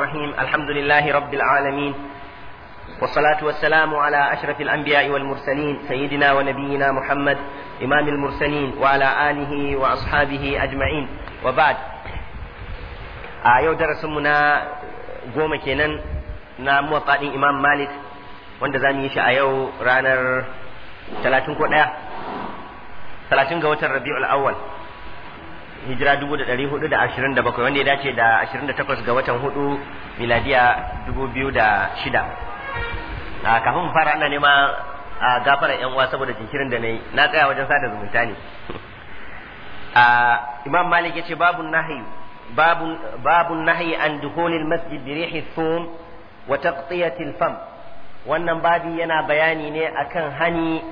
الرحيم الحمد لله رب العالمين والصلاة والسلام على أشرف الأنبياء والمرسلين سيدنا ونبينا محمد إمام المرسلين وعلى آله وأصحابه أجمعين وبعد آيو درسمنا قوم كينان نام وطاء إمام مالك wanda za mu yi shi a yau ranar talatin ko ɗaya talatin ga watan rabi'ul awwal hijira bakwai wanda ya dace da ashirin da takwas ga watan hudu miladiya dubu biyu shida a ah, kafin mu fara ana nema a gafara yan uwa saboda jinkirin da yi na tsaya wajen sada zumunta ne a ah, imam malik ce babun nahi babun babun nahi an dukhulil masjid bi rihi thum wa taqtiyatil fam wannan babi yana bayani ne akan hani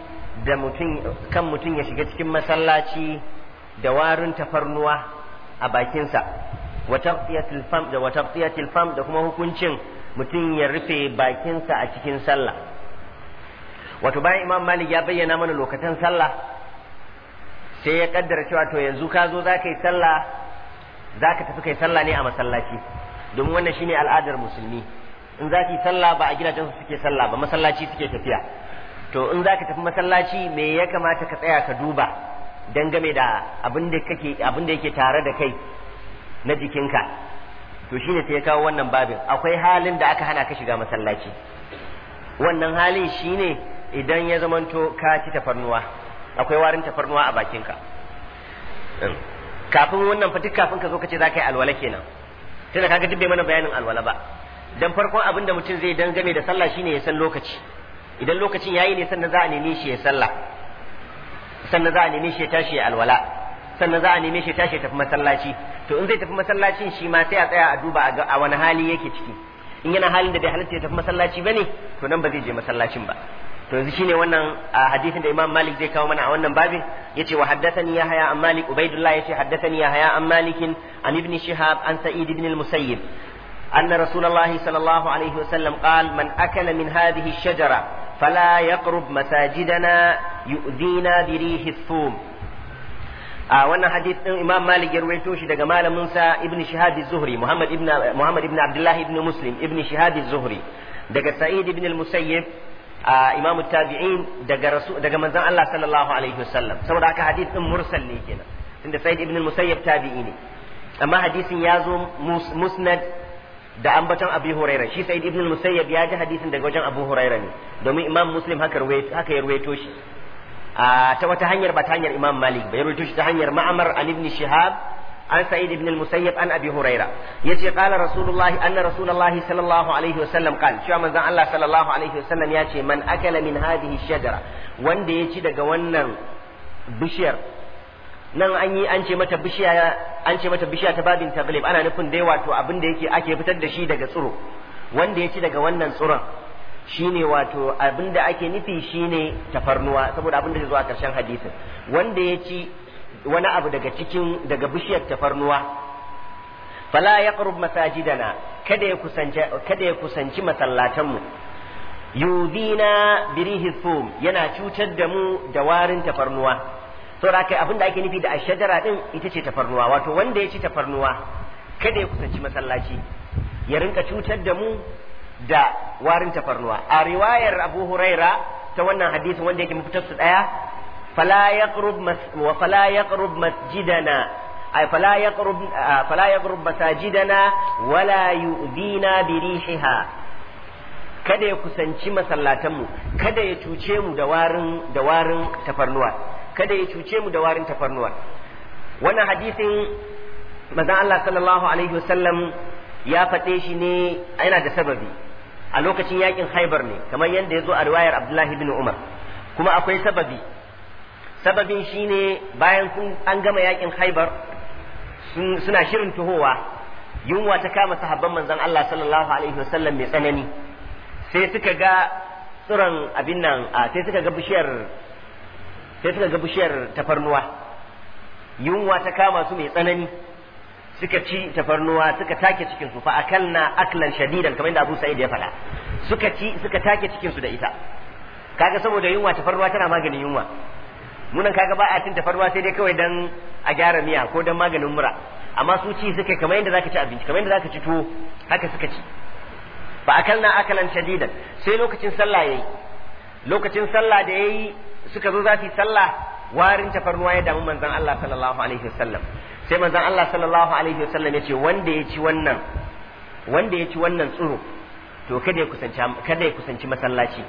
da mutum kan mutum ya shiga cikin masallaci da warin tafarnuwa a bakinsa wa taqtiyatil fam da wa da kuma hukuncin mutum ya rufe bakinsa a cikin sallah wato bayan imam malik ya bayyana mana lokacin sallah sai ya kaddara cewa to yanzu ka zo za ka yi sallah za tafi kai sallah ne a masallaci domin wannan shine al'adar musulmi in za ka yi sallah ba a gidajen su suke sallah ba masallaci suke tafiya to in za ka tafi masallaci me ya kamata ka tsaya ka duba dangane da abin da kake abin da yake tare da kai na jikinka to shine sai ya kawo wannan babin akwai halin da aka hana ka shiga masallaci wannan halin shine idan ya zamanto ka ci tafarnuwa akwai warin tafarnuwa a bakinka kafin wannan fa duk kafin ka zo ka ce za yi alwala kenan tunda kaga duk bai mana bayanin alwala ba dan farkon abin da mutum zai dangane da sallah shine ya san lokaci idan lokacin yayi ne sannan za a nemi shi ya sallah sannan za a neme shi ya tashi ya alwala sannan za a neme shi ya tashi ya tafi masallaci to in zai tafi masallacin shi ma sai a tsaya a duba a wani hali yake ciki in yana halin da bai halatta ya tafi masallaci bane to nan ba zai je masallacin ba to yanzu shine wannan a hadisin da Imam Malik zai kawo mana a wannan babin yace wa haddathani ya haya an Malik Ubaidullah yace haddathani ya haya an Malik an Ibn Shihab an Sa'id ibn al-Musayyib أن رسول الله صلى الله عليه وسلم قال من أكل من هذه الشجرة فلا يقرب مساجدنا yu'dina bi rihi thum a wannan hadith din Imam Malik ya rawaito shi daga malamin sa Ibn Shihab az-Zuhri Muhammad ibn Muhammad ibn Abdullah ibn Muslim zuhri daga Sa'id ibn al-Musayyib a Imam tabiin daga rasu daga manzon Allah sallallahu alaihi wasallam saboda haka hadith din mursal ne kenan tunda Sa'id ibn al-Musayyib ne amma hadisin ya zo musnad da ambaton Abu Huraira shi Sa'id ibn al ya ji hadisin daga wajen Abu Huraira ne domin Imam Muslim haka haka ya ruwaito shi ta wata hanyar ba ta hanyar imam malik ba ya rubuta shi ta hanyar ma'amar an ibn shihab an sa'id ibn al-musayyib an abi huraira yace qala rasulullahi anna rasulullahi sallallahu alaihi wasallam qal cewa manzon Allah sallallahu alaihi wasallam yace man akala min hadhihi shajara wanda ya ci daga wannan bishiyar nan an yi an ce mata bishiya an ce mata bishiya ta babin taglib ana nufin dai wato abin da yake ake fitar da shi daga tsiro wanda ya ci daga wannan tsiron shine wato abinda ake nufi shine tafarnuwa saboda abinda zai zo a hadisin wanda ya ci wani abu daga cikin daga bishiyar tafarnuwa fala yaqrub masajidana kada ya kusanci kada ya kusanci masallatanmu yudina birihi thum yana cutar da mu da warin tafarnuwa saboda kai abinda ake nufi da ashajara din ita ce tafarnuwa wato wanda ya ci tafarnuwa kada ya kusanci masallaci ya rinka cutar da mu da warin tafarnuwa a riwayar abu huraira ta wannan hadisin wanda yake mafitar su daya fala yaqrub wa fala yaqrub masjidana ay fala yaqrub fala yaqrub masajidana wala yu'dina bi rihiha kada ya kusanci masallatanmu kada ya cuce mu da warin da warin tafarnuwa kada ya cuce mu da warin tafarnuwa wannan hadisin manzon Allah sallallahu alaihi wasallam ya faɗe shi ne yana da sababi a lokacin yakin haibar ne kamar yadda ya zo a riwayar abdullahi bin umar kuma akwai sababi sababin shine bayan sun an gama yakin haibar suna shirin tuhowa yunwa ta kama sahabban manzon Allah sallallahu alaihi wasallam mai tsanani sai suka ga tsiron abin nan sai suka ga bishiyar sai suka ga bishiyar tafarnuwa yunwa ta kama su mai tsanani suka ci tafarnuwa suka take cikin su fa akalna aklan shadidan kamar yadda Abu Sa'id ya faɗa suka ci suka take cikin su da ita kaga saboda yunwa tafarnuwa tana maganin yunwa munan kaga ba a cin tafarnuwa sai dai kawai dan a gyara miya ko dan maganin mura amma su ci suka kamar yadda zaka ci abinci kamar yadda zaka ci tuwo haka suka ci fa akalna aklan shadidan sai lokacin sallah yayi lokacin sallah da yayi suka zo za su yi sallah warin tafarnuwa ya damu manzon Allah sallallahu alaihi wasallam sai manzon Allah sallallahu alaihi wasallam ya ce wanda ya ci wannan wanda ya ci wannan tsiro to kada ya kusanci kada ya kusanci masallaci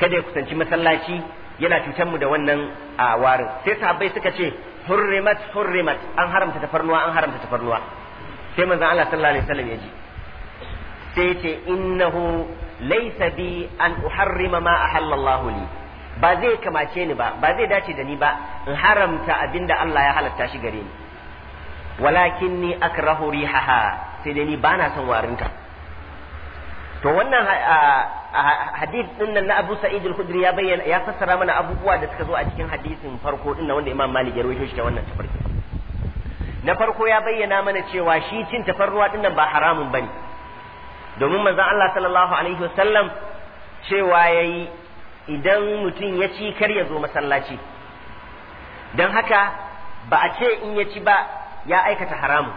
kada ya kusanci masallaci yana cutar mu da wannan a warin sai sahabbai suka ce hurrimat hurrimat an haramta tafarnuwa an haramta tafarnuwa sai manzon Allah sallallahu alaihi wasallam ya ji sai ya ce innahu laysa bi an uharrima ma ahallallahu li ba zai kamace ni ba ba zai dace da ni ba in haramta abinda Allah ya halatta shi gare ni walakin ni akrahu rihaha sai dai ni ba na son warinta to wannan ah, ah, hadith din nan na Abu Sa'id al-Khudri ya bayyana ya fassara mana abubuwa da suka zo a cikin hadisin farko din wanda Imam Malik ya rawaito shi ta wannan tafarki na farko ya bayyana mana cewa shi cin tafarruwa din nan ba haramun bane domin manzon Allah sallallahu alaihi wasallam cewa yayi idan mutum ya ci kar ya zo masallaci don haka ba a ce in ya ci ba ya aikata haramu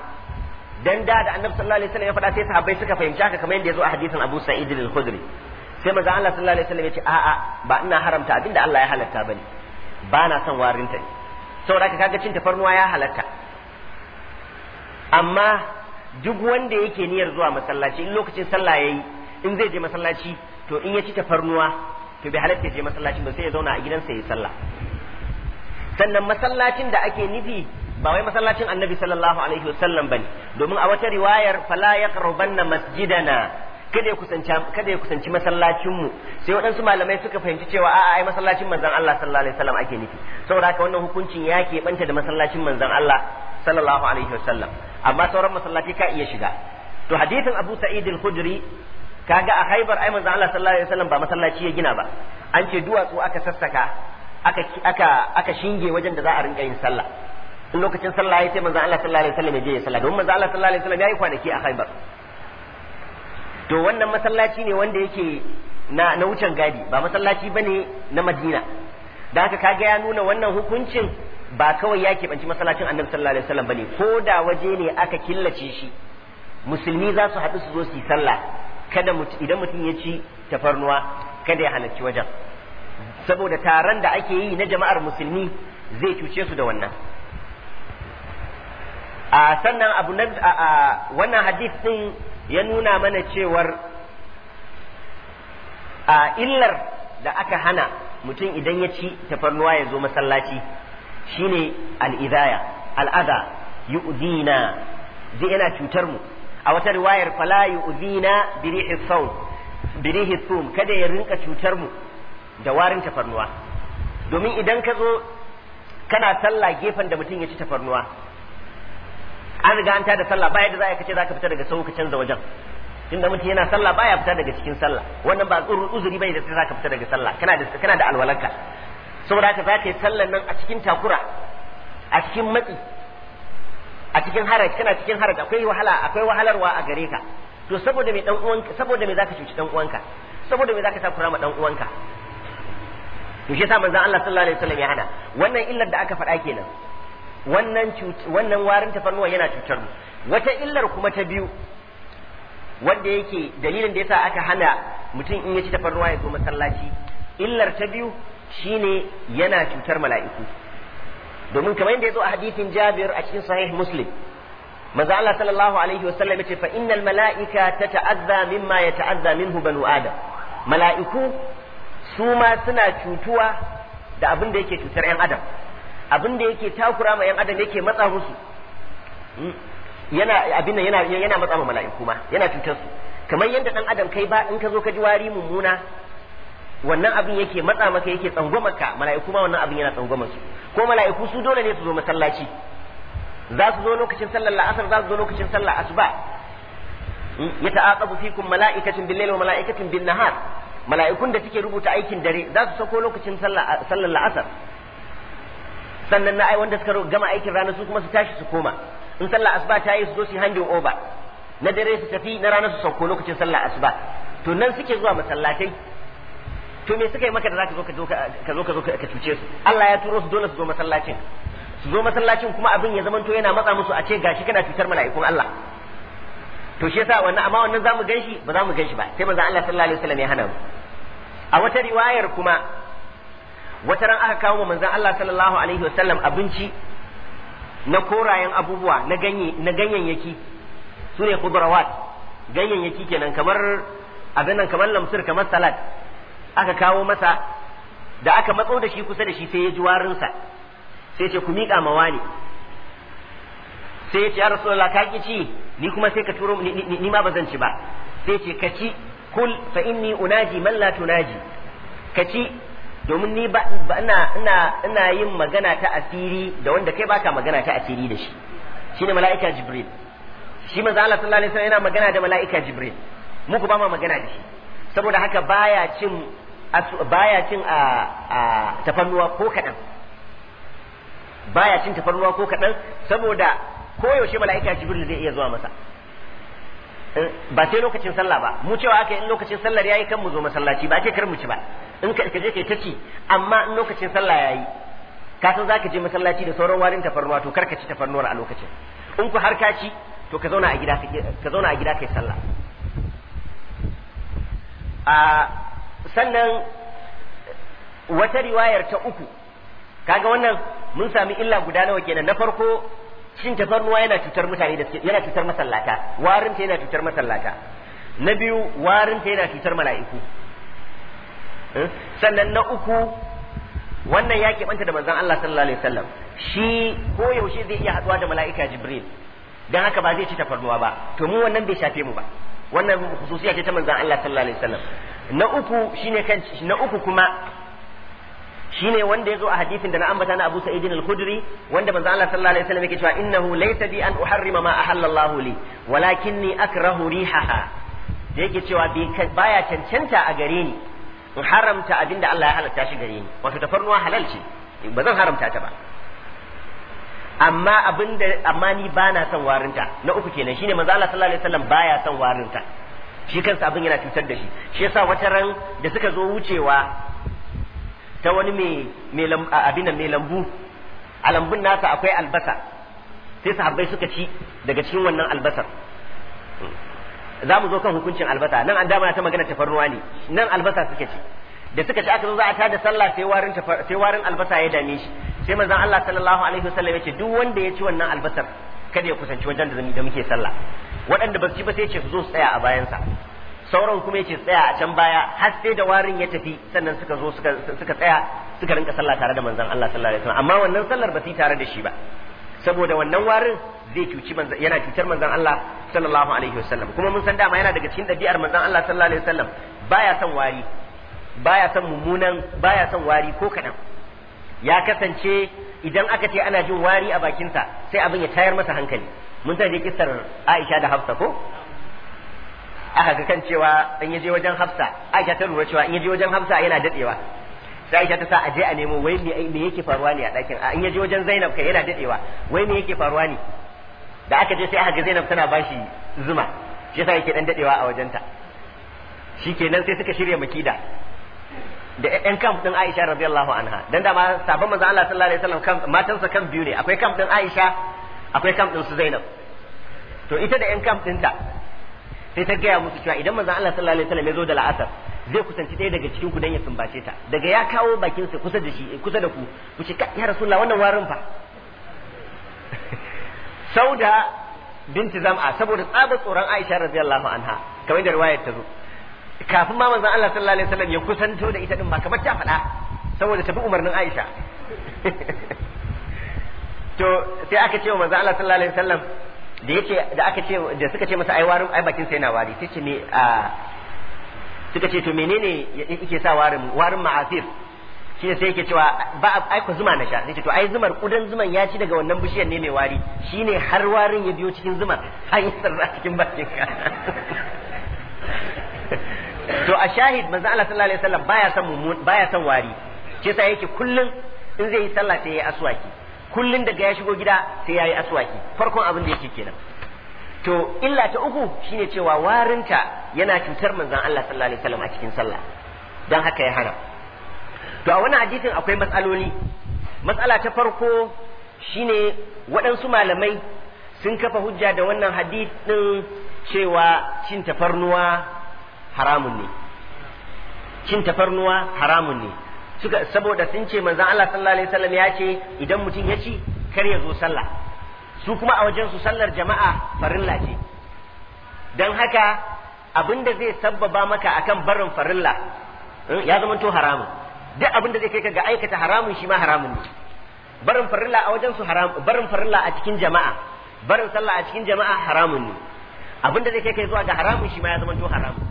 dan da da annabi sallallahu alaihi wasallam ya faɗa sai sahabbai suka fahimci haka kamar yadda ya zo a hadisin Abu Sa'id al-Khudri sai manzo Allah sallallahu alaihi wasallam ya ce a'a ba ina haramta abinda Allah ya halatta bane ba na son warinta ne saboda haka kaga cin tafarnuwa ya halatta amma duk wanda yake niyyar zuwa masallaci in lokacin sallah yayi in zai je masallaci to in ya ci tafarnuwa to bai halatta je masallacin ba sai ya zauna a gidansa ya sallah sannan masallacin da ake nufi ba wai masallacin annabi sallallahu alaihi wasallam bane domin a wata riwayar fala yaqrabanna masjidana kada ya kusanci kada ya kusanci masallacin mu sai waɗansu malamai suka fahimci cewa a'a ai masallacin manzon Allah sallallahu alaihi wasallam ake nufi saboda haka wannan hukuncin ya ke banta da masallacin manzon Allah sallallahu alaihi wasallam amma sauran masallaci ka iya shiga to hadithin Abu Sa'id al-Khudri kaga a haibar ai manzon Allah sallallahu alaihi wasallam ba masallaci ya gina ba an ce duwatsu aka sassaka aka aka aka shinge wajen da za a rinka yin sallah in lokacin sallah yayi sai manzon Allah sallallahu alaihi wasallam ya je ya sallah don manzon Allah sallallahu alaihi wasallam ya yi kwanaki a haibar to wannan masallaci ne wanda yake na na wucin gadi ba masallaci bane na Madina da haka kaga ya nuna wannan hukuncin ba kawai ya keɓanci masallacin annabi sallallahu alaihi wasallam bane ko da waje ne aka killace shi musulmi za su haɗu su zo su yi sallah kada idan mutum ya ci tafarnuwa kada ya halarci wajen saboda taron da ake yi na jama'ar musulmi zai cuce su da wannan a sannan abu na wannan hadith din ya nuna mana cewar a illar da aka hana mutum idan ya ci tafarnuwa ya zo masallaci shine al'idaya al'ada yu'dina zai yana cutar mu a wata riwayar fala yu'zina birihi saum birihi thum kada ya rinka cutar mu da warin tafarnuwa domin idan ka zo kana sallah gefen da mutum ya ci tafarnuwa an riga an tada sallah ba yadda za ka ce za ka fita daga sau ka canza wajen tunda mutum yana sallah baya fita daga cikin sallah wannan ba uzuri ba da sai za ka fita daga sallah kana da kana da alwalanka saboda haka za ka yi sallan nan a cikin takura a cikin matsi a cikin haraj kana cikin haraj akwai wahala akwai wahalarwa a gare ka to saboda me dan uwanka saboda me zaka cuci dan uwanka saboda me zaka takura ma dan uwanka to shi yasa manzon Allah sallallahu alaihi wasallam ya hana wannan illar da aka faɗa kenan wannan wannan warin tafarnuwa yana cutar mu wata illar kuma ta biyu wanda yake dalilin da yasa aka hana mutum in ya ci tafarnuwa ya zo masallaci illar ta biyu shine yana cutar mala'iku domin kamar yadda ya zo a hadithin Jabir a cikin sahih Muslim manzo Allah sallallahu alaihi wa sallam yace fa innal malaika tata'azza mimma yata'azza minhu banu adam mala'iku su ma suna cutuwa da abin da yake cutar yan adam abin da yake takura ma yan adam yake matsa musu hmm. yana abin nan yana yana matsa ma mala'iku ma yana cutar su kamar yadda dan adam kai ba in ka zo ka ji wari mummuna wannan abin yake matsa maka yake tsangwama ka mala'iku ma wannan abin yana tsangwama su ko mala'iku su dole ne su zo masallaci za su zo lokacin sallar la'asar za su zo lokacin sallar asuba ya ta'aqabu fikum mala'ikatun bil-layli wa mala'ikatun bin-nahar mala'ikun da suke rubuta aikin dare za su sako lokacin sallar la'asar sannan na ai wanda suka gama aikin rana su kuma su tashi su koma in sallar asuba ta yi su zo su handin over na dare su tafi na rana su sauko lokacin sallar asuba to nan suke zuwa masallatai to me suka yi maka da zaka ka zo ka zo ka zo ka cuce su Allah ya turo su dole su zo masallacin su zo masallacin kuma abin ya zamanto yana matsa musu a ce gashi kana cutar mala'ikun Allah to shi yasa wannan amma wannan zamu ganshi ba zamu ganshi ba sai manzo Allah sallallahu alaihi wasallam ya hana mu a wata riwayar kuma wata ran aka kawo manzo Allah sallallahu alaihi wasallam abinci na korayen abubuwa na ganye na ganyayyaki sune khudrawat ganyayyaki kenan kamar abin nan kamar lamsir kamar salad aka kawo masa da aka matso da shi kusa da shi sai ya ji warinsa sai ce ku miƙa ma wani sai ya ce ya rasulullah ka ki ci ni kuma sai ka turo ni ma ba zan ci ba sai ce ka ci kul fa inni unaji man la tunaji ka ci domin ni ba ina ina ina yin magana ta asiri da wanda kai baka magana ta asiri da shi shine mala'ika jibril shi manzo Allah sallallahu alaihi wasallam yana magana da mala'ika jibril muku ba ma magana da shi saboda haka baya cin baya cin a tafarnuwa ko kaɗan baya cin tafarnuwa ko kaɗan saboda koyaushe mala'ika jibril zai iya zuwa masa eh, ba sai lokacin sallah ba mu cewa aka in lokacin sallar yayi kan mu zo masallaci ba ce kar mu ci ba in ka je kai ta ci amma in lokacin sallah yayi ka san zaka je masallaci da sauran warin tafarnuwa to kar ka ci tafarnuwar a lokacin in ku har ka ci to ka zauna a gida ka zauna a gida kai sallah a sannan wata riwayar ta uku kaga wannan mun sami illa guda nawa kenan na farko shin tafarnuwa yana cutar mutane da yana cutar masallata warinta yana cutar masallata na biyu warinta yana cutar mala'iku eh, sannan na uku wannan ya banta da manzon Allah sallallahu alaihi wasallam shi ko yaushe zai iya haɗuwa da mala'ika Jibril dan haka ba zai ci tafarnuwa ba to mu wannan bai shafe mu ba wannan hususiya ce ta manzon Allah sallallahu alaihi wasallam na uku shine kan na uku kuma shine wanda yazo a hadisin da na ambata na Abu Sa'id al-Khudri wanda manzon Allah sallallahu alaihi wasallam yake cewa innahu laysa bi an uharrima ma ahalla Allah li walakinni akrahu rihaha da yake cewa baya cancanta a gare ni in haramta abinda Allah ya halatta shi gare ni wato tafarnuwa halal ce ba zan haramta ta ba amma abin da amma ni na son warinta na uku kenan shine manzo Allah sallallahu alaihi wasallam baya son warinta shi kansa abin yana cutar da shi shi yasa wata ran da suka zo wucewa ta wani mai mai abin nan mai lambu a lambun nasa akwai albasa sai sahabbai suka ci daga cikin wannan albasar za mu zo kan hukuncin albasa nan an dama ta magana tafarnuwa ne nan albasa suka ci da suka ci aka zo za a tada sallah sai warin sai warin albasa ya dame shi sai manzon Allah sallallahu alaihi wasallam ya ce duk wanda ya ci wannan albasar kada ya kusanci wajen da da muke sallah waɗanda ba su ci ba sai ce su zo su tsaya a bayansa sauran kuma ya ce tsaya a can baya har sai da warin ya tafi sannan suka zo suka suka tsaya suka rinka sallah tare da manzon Allah sallallahu alaihi wasallam amma wannan sallar ba su yi tare da shi ba saboda wannan warin zai cuci yana cutar manzon Allah sallallahu alaihi wasallam kuma mun san dama yana daga cikin dabi'ar manzon Allah sallallahu alaihi wasallam baya son wari baya son mummunan baya son wari ko kaɗan ya kasance idan aka ce ana jin wari a bakinsa sai abin ya tayar masa hankali mun je kisar Aisha da Hafsa ko aka ga kan cewa in yaje wajen Hafsa Aisha ta lura cewa in yaje wajen Hafsa yana dadewa sai Aisha ta sa aje a nemo wai me me yake faruwa ne a dakin a in yaje wajen Zainab kai yana dadewa wai me yake faruwa ne da aka je sai aka ga Zainab tana bashi zuma shi yasa yake dan dadewa a wajenta shikenan sai suka shirya makida da ƴan kamf din Aisha radiyallahu anha dan da ma sabon manzo Allah sallallahu alaihi wasallam matan matansa kamf biyu ne akwai kamf din Aisha akwai kamf din su Zainab to ita da ƴan kamf ɗinta. sai ta gaya musu cewa idan manzo Allah sallallahu alaihi wasallam ya zo da la'asar zai kusanci ɗaya daga cikin ku dan ya sumbace ta daga ya kawo bakin sa kusa da shi kusa da ku ku ce ya rasulullah wannan warin fa sauda binti zam'a saboda tsabar tsoron Aisha radiyallahu anha kamar da riwayar ta zo kafin ma manzon Allah sallallahu alaihi wasallam ya kusanto da ita din ba kamar ta faɗa saboda ta bi umarnin Aisha to sai aka ce wa manzon Allah sallallahu alaihi wasallam da yake da aka ce da suka ce masa ai warin ai bakin sai na wari sai ce me a suka ce to menene yake sa warin warin ma'asir shi ne sai yake cewa ba ai ku zuma na sha sai ce to ai zumar kudan zuman ya ci daga wannan bishiyar ne mai wari shine har warin ya biyo cikin zuman an yi sarra cikin bakin ka to a shahid manzo Allah sallallahu alaihi wasallam baya son baya san wari shi yasa yake kullun in zai yi sallah sai yayi aswaki kullun daga ya shigo gida sai yayi aswaki farkon abin da yake kenan to illa ta uku shine cewa warinta yana cutar manzon Allah sallallahu alaihi wasallam a cikin sallah dan haka ya hana to a wannan hadisin akwai matsaloli matsala ta farko shine waɗansu malamai sun kafa hujja da wannan hadisin ɗin cewa cin tafarnuwa haramun ne cin tafarnuwa haramun ne suka saboda sun ce manzon Allah sallallahu alaihi wasallam ya ce idan mutum ya ci kar ya zo sallah su kuma a wajen su sallar jama'a farilla ce dan haka abinda da zai sabbaba maka akan barin farilla hmm, ya zama to haramun duk abin da zai kai ka ga aikata haramun shi ma haramun ne barin farilla a wajen su haram barin farilla a cikin jama'a barin sallah a cikin jama'a haramun ne abin da zai kai ka zuwa ga haramun shi ma ya zama to haramun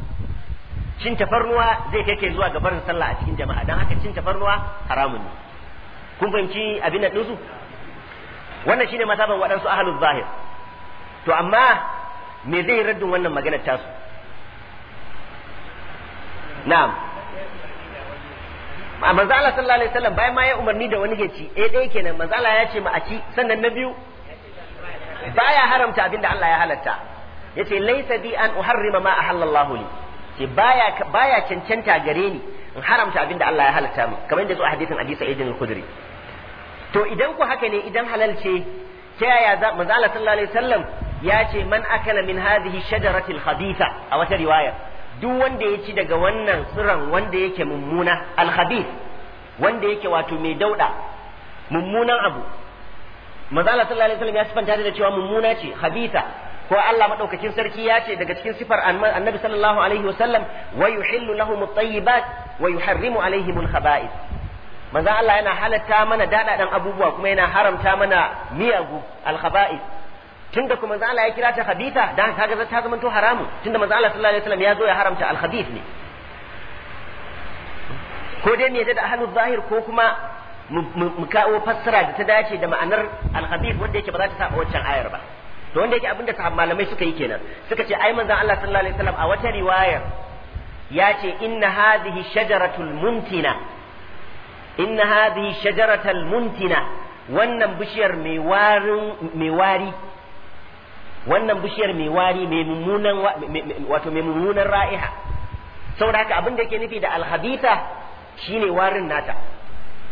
cin tafarnuwa zai kai kai zuwa ga barin sallah a cikin jama'a dan haka cin tafarnuwa haramun ne kun fahimci abin da dinsu wannan shine mazhaban waɗansu ahlul zahir to amma me zai raddin wannan maganar tasu na'am manzo Allah sallallahu alaihi wasallam bayan ma ya umarni da wani gaci ci eh dai kenan manzo ya ce ma a ci sannan na biyu baya haramta abinda Allah ya halatta yace laysa bi an uharrima ma ahalla Allah li ce baya baya cancanta gare ni in haramta abinda Allah ya halatta mu kamar yadda zo a hadisin Abi Sa'id al-Khudri to idan ku haka ne idan halal ce ta yaya za manzo Allah sallallahu alaihi wasallam ya ce man akala min hadhihi shajarati al-khabitha a wata riwaya duk wanda ya ci daga wannan tsiran wanda yake mummuna al-khabith wanda yake wato mai dauda mummunan abu manzo Allah sallallahu alaihi wasallam ya sifanta da cewa mummuna ce khabitha ko Allah madaukakin sarki ya ce daga cikin sifar annabi sallallahu alaihi wa sallam wa yuhillu lahum at-tayyibat wa yuharrimu alaihim al-khaba'ith manzo Allah yana halatta mana dadadan abubuwa kuma yana haramta mana miyagu al-khaba'ith tunda kuma manzo Allah ya kira ta khabitha dan kaga ta zama to haramu tunda manzo Allah sallallahu alaihi wa sallam ya zo ya haramta al-khabith ne ko dai me da ahlul zahir ko kuma mu kawo fassara da ta dace da ma'anar al-khabith wanda yake ba za ta saba waccan ayar ba to wanda yake abinda sahab malamai suka yi kenan suka ce ai manzon Allah sallallahu alaihi wasallam a wata riwaya ya ce inna hadhihi shajaratul muntina inna hadhihi shajaratul muntina wannan bishiyar mai warin mai wari wannan bishiyar mai wari mai mummunan wato mai mummunan ra'iha saboda haka abin da yake nufi da alhabita shine warin nata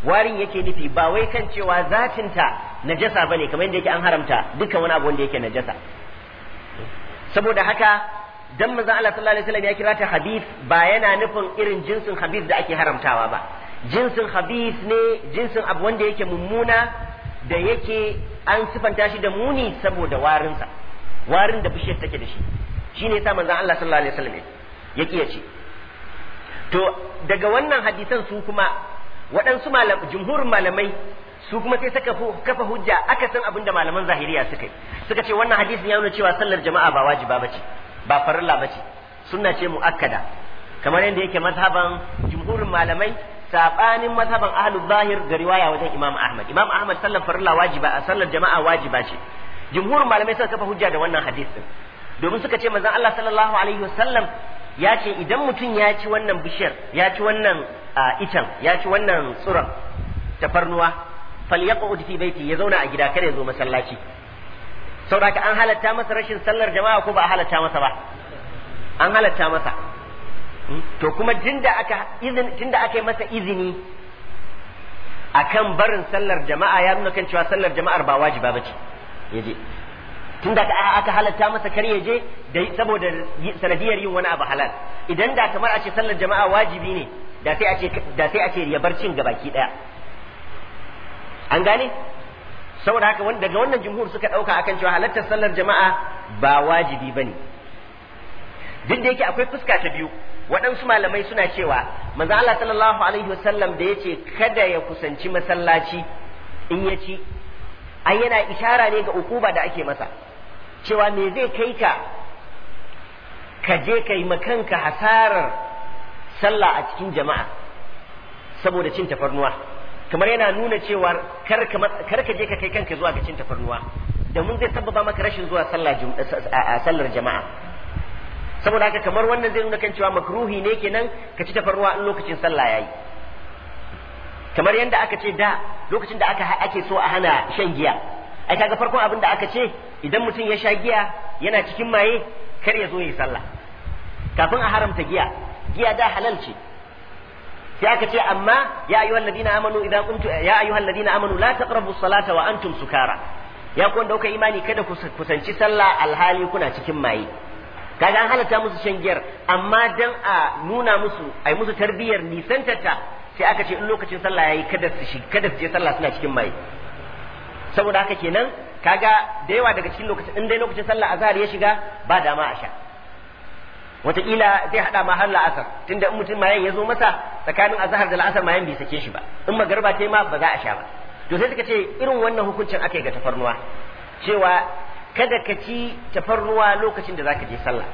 warin yake nufi ba wai kan cewa zatinta najasa bane kamar yadda yake an haramta dukkan wani abu wanda yake najasa saboda haka dan maza Allah sallallahu alaihi wasallam ya kira ta habib ba yana nufin irin jinsin habib da ake haramtawa ba jinsin habib ne jinsin abu wanda yake mummuna da yake an sifanta shi da muni saboda warinsa warin da bishiyar take da shi shine yasa manzon Allah sallallahu alaihi wasallam ya ce to daga wannan hadisan su kuma waɗansu jumhurin malamai su kuma sai suka kafa hujja aka san abin da malaman zahiriya suka yi suka ce wannan hadisin ya nuna cewa sallar jama'a ba wajiba bace ba farilla bace sunna ce muakkada kamar yadda yake mazhaban jumhurin malamai sabanin mazhaban ahlul zahir ga riwaya wajen imam ahmad imam ahmad sallar farilla wajiba sallar jama'a wajiba ce jumhurin malamai suka kafa hujja da wannan hadisin domin suka ce manzon Allah sallallahu alaihi wasallam ya ce idan mutum ya ci wannan bishiyar ya ci wannan itan ya ci wannan tsuron tafarnuwa falyaqud fi baiti ya zauna a gida kada ya zo masallaci saboda an halatta masa rashin sallar jama'a ko ba a halatta masa ba an halatta masa hmm? to kuma tun da aka yi masa izini akan barin sallar jama'a ya nuna kan cewa sallar jama'ar ba wajiba bace ce Tun da aka halatta masa kar ya je saboda sanadiyar yin wani abu halal idan da kamar a ce sallar jama'a wajibi ne da sai a ce ya bar cin gabaki daya an gane saboda haka daga wannan jumhur suka dauka akan cewa halattar sallar jama'a ba wajibi bane duk da yake akwai fuska ta biyu waɗansu malamai suna cewa manzo Allah sallallahu alaihi wasallam da yace kada ya kusanci masallaci in ya ci ai yana ishara ne ga ukuba da ake masa cewa me zai kai ka ka je kai makanka hasarar sallah a cikin jama'a saboda cin tafarnuwa kamar yana nuna cewa kar ka je ka kai kanka zuwa ga cin tafarnuwa da mun zai sababa maka rashin zuwa eh, sallar jama'a saboda haka kamar wannan zai nuna kan cewa makruhi ne kenan ka ci tafarnuwa in lokacin sallah yayi kamar yadda aka ce da lokacin da aka ake so a hana shan giya ai kaga farkon abin da aka ce idan mutum ya sha giya yana cikin maye kar ya zo yi sallah kafin a haramta giya giya da halal ce sai aka ce amma ya ayyuhal ladina amanu idan kuntu ya ayyuhal ladina amanu la taqrabu salata wa antum sukara ya ku wanda kuka imani kada ku kusanci sallah alhali kuna cikin maye kaga an halata musu shan giyar amma dan a nuna musu ai musu tarbiyyar ta. sai aka ce in lokacin sallah yayi kada su shi kada su je sallah suna cikin maye saboda haka kenan kaga da yawa daga cikin lokacin in dai lokacin sallah azhar ya shiga ba dama a sha wataƙila zai haɗa ma har la'asar tunda in mutum mayan ya zo masa tsakanin azhar da la'asar mayan bai sake shi ba in magarba ce ma ba za a sha ba to sai suka ce irin wannan hukuncin aka yi ga tafarnuwa cewa kada ka ci tafarnuwa lokacin da zaka je sallah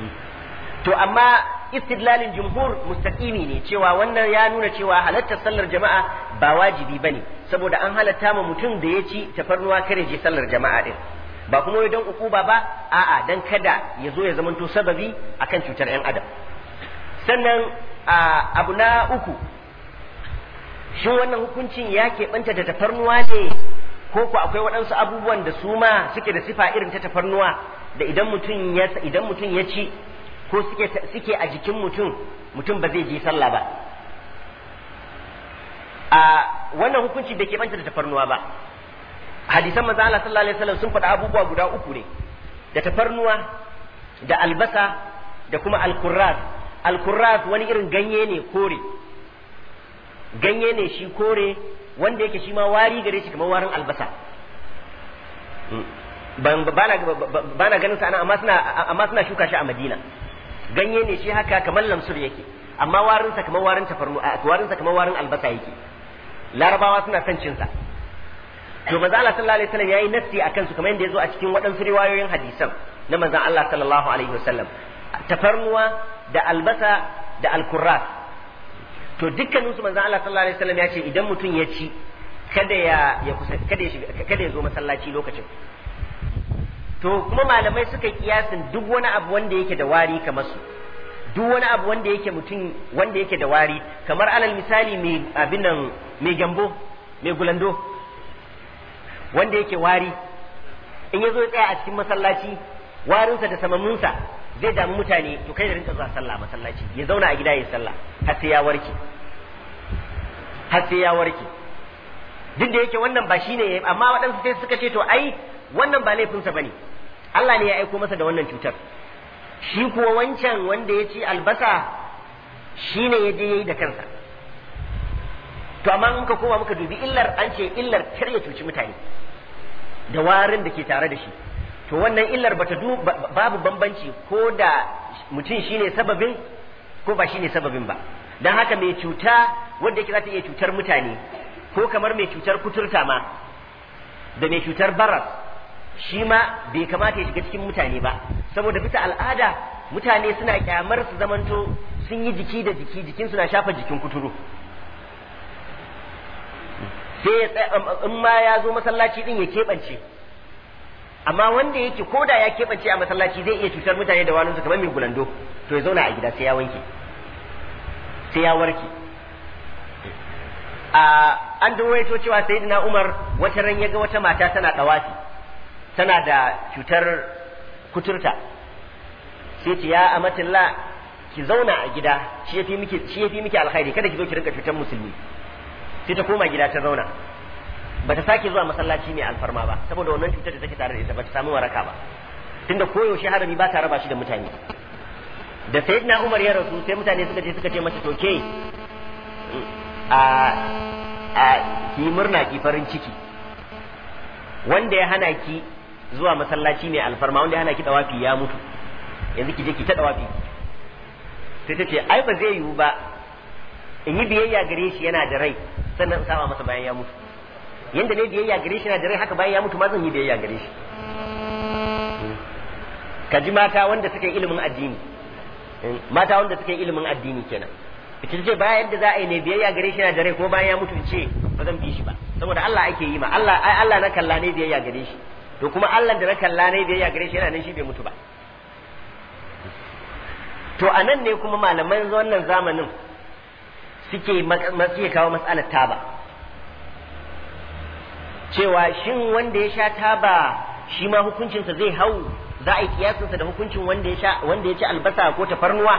hmm. to amma istidlalin jumhur mustaqimi ne cewa wannan ya nuna cewa halartar sallar jama'a ba wajibi bane saboda an halatta ma mutum da ya ci tafarnuwa kare je sallar jama'a din ba kuma wai don ukuba ba a'a dan kada ya zo ya zamanto sababi akan cutar yan adam sannan abu na uku shin wannan hukuncin ya keɓanta da tafarnuwa ne ko ku akwai waɗansu abubuwan da su ma suke da sifa irin ta tafarnuwa da idan mutum ya idan mutum ya ci ko suke a jikin mutum mutum ba zai je sallah ba a wannan hukunci bai banta da tafarnuwa ba hadisan manzo Allah sallallahu alaihi wasallam sun faɗa abubuwa guda uku ne da tafarnuwa da albasa da kuma alkurras alkurras wani irin ganye ne kore ganye ne shi kore wanda yake shi ma wari gare shi kamar warin albasa hmm. ba na ganin sa amma suna shuka shi a Madina ganye ne shi haka kamar lamsur yake amma warinsa kamar warin tafarnu warinsa kamar warin albasa yake larabawa suna son cin sa to manzo Allah sallallahu alaihi wasallam yayi nassi akan su kamar yadda yazo a cikin waɗansu riwayoyin hadisan na manzo Allah sallallahu alaihi wasallam tafarnuwa da albasa da alkurras to dukkanin su manzo Allah sallallahu alaihi wasallam ya ce idan mutum ya ci kada ya kada ya kada ya zo masallaci lokacin to kuma malamai suka kiyasin duk wani abu wanda yake da wari kamar su duk wani abu wanda yake mutum wanda yake da wari kamar alal misali mai abin nan mai gambo mai gulando wanda yake wari in ya zo ya tsaya a cikin masallaci warinsa da samaminsa zai damu mutane to kai da rinka zuwa sallah masallaci ya zauna a gida ya sallah har sai ya warke har sai ya warke duk da yake wannan ba shine amma waɗansu sai suka ce to ai wannan ba laifinsa bane Allah ne ya aiko masa da wannan cutar shi kuwa wancan wanda ya ci albasa shi ne ya je yayi da kansa to amma in ka koma muka dubi illar an ce illar kar ya cuci mutane da warin da ke tare da shi to wannan illar bata du babu bambanci ko da mutum shine sababin ko ba shine sababin ba dan haka mai cuta wanda yake za ta iya cutar mutane ko kamar mai cutar kuturta ma da mai cutar barar. shi ma bai kamata ya shiga cikin mutane ba saboda bisa al'ada mutane suna kyamar su zamanto sun yi jiki da jiki jikin suna shafa jikin kuturu sai um, um, in ma ya zo masallaci din ya keɓance amma wanda yake ko da ya keɓance a masallaci zai iya cutar mutane da walunsu kamar mai gulando to ya zauna a gida sai ya wanke sai ya warke a an dawaito cewa sayyidina Umar wata ran ya ga wata mata tana dawasi tana da cutar kuturta sai ce ya amatilla ki zauna a gida shi yafi miki shi yafi miki alkhairi kada ki zo ki rinka cutar musulmi sai ta koma gida ta zauna bata sake zuwa masallaci mai alfarma ba saboda wannan cutar da take tare da ita bata samu waraka ba tunda koyaushe harami ba ta raba shi da mutane da sayyidina Umar ya rasu sai mutane suka je suka ce masa to ke a a ki murna ki farin ciki wanda ya hana ki zuwa masallaci ne alfarma wanda ana ki dawafi ya mutu yanzu ki je ki ta dawafi sai ta ce ai ba zai yiwu ba in yi biyayya gare shi yana da rai sannan in saba masa bayan ya mutu yanda ne biyayya gare shi yana da rai haka bayan ya mutu ma zan yi biyayya gare shi ka ji mata wanda suka yi ilimin addini eh, mata wanda suka yi ilimin addini kenan ita ce ba yadda za a yi ne biyayya gare shi yana da rai kuma bayan ya mutu ce ba zan bi shi ba saboda Allah ake yi ma Allah ai Allah na kalla ne biyayya gare shi to kuma Allah da na kalla ne biyayya gare shi yana nan shi bai mutu ba to a nan ne kuma malaman wannan zamanin suke suke kawo matsalar taba cewa shin wanda ya sha taba shi ma hukuncinsa zai hau za a yi kiyasinsa da hukuncin wanda ya sha wanda ya ci albasa ko tafarnuwa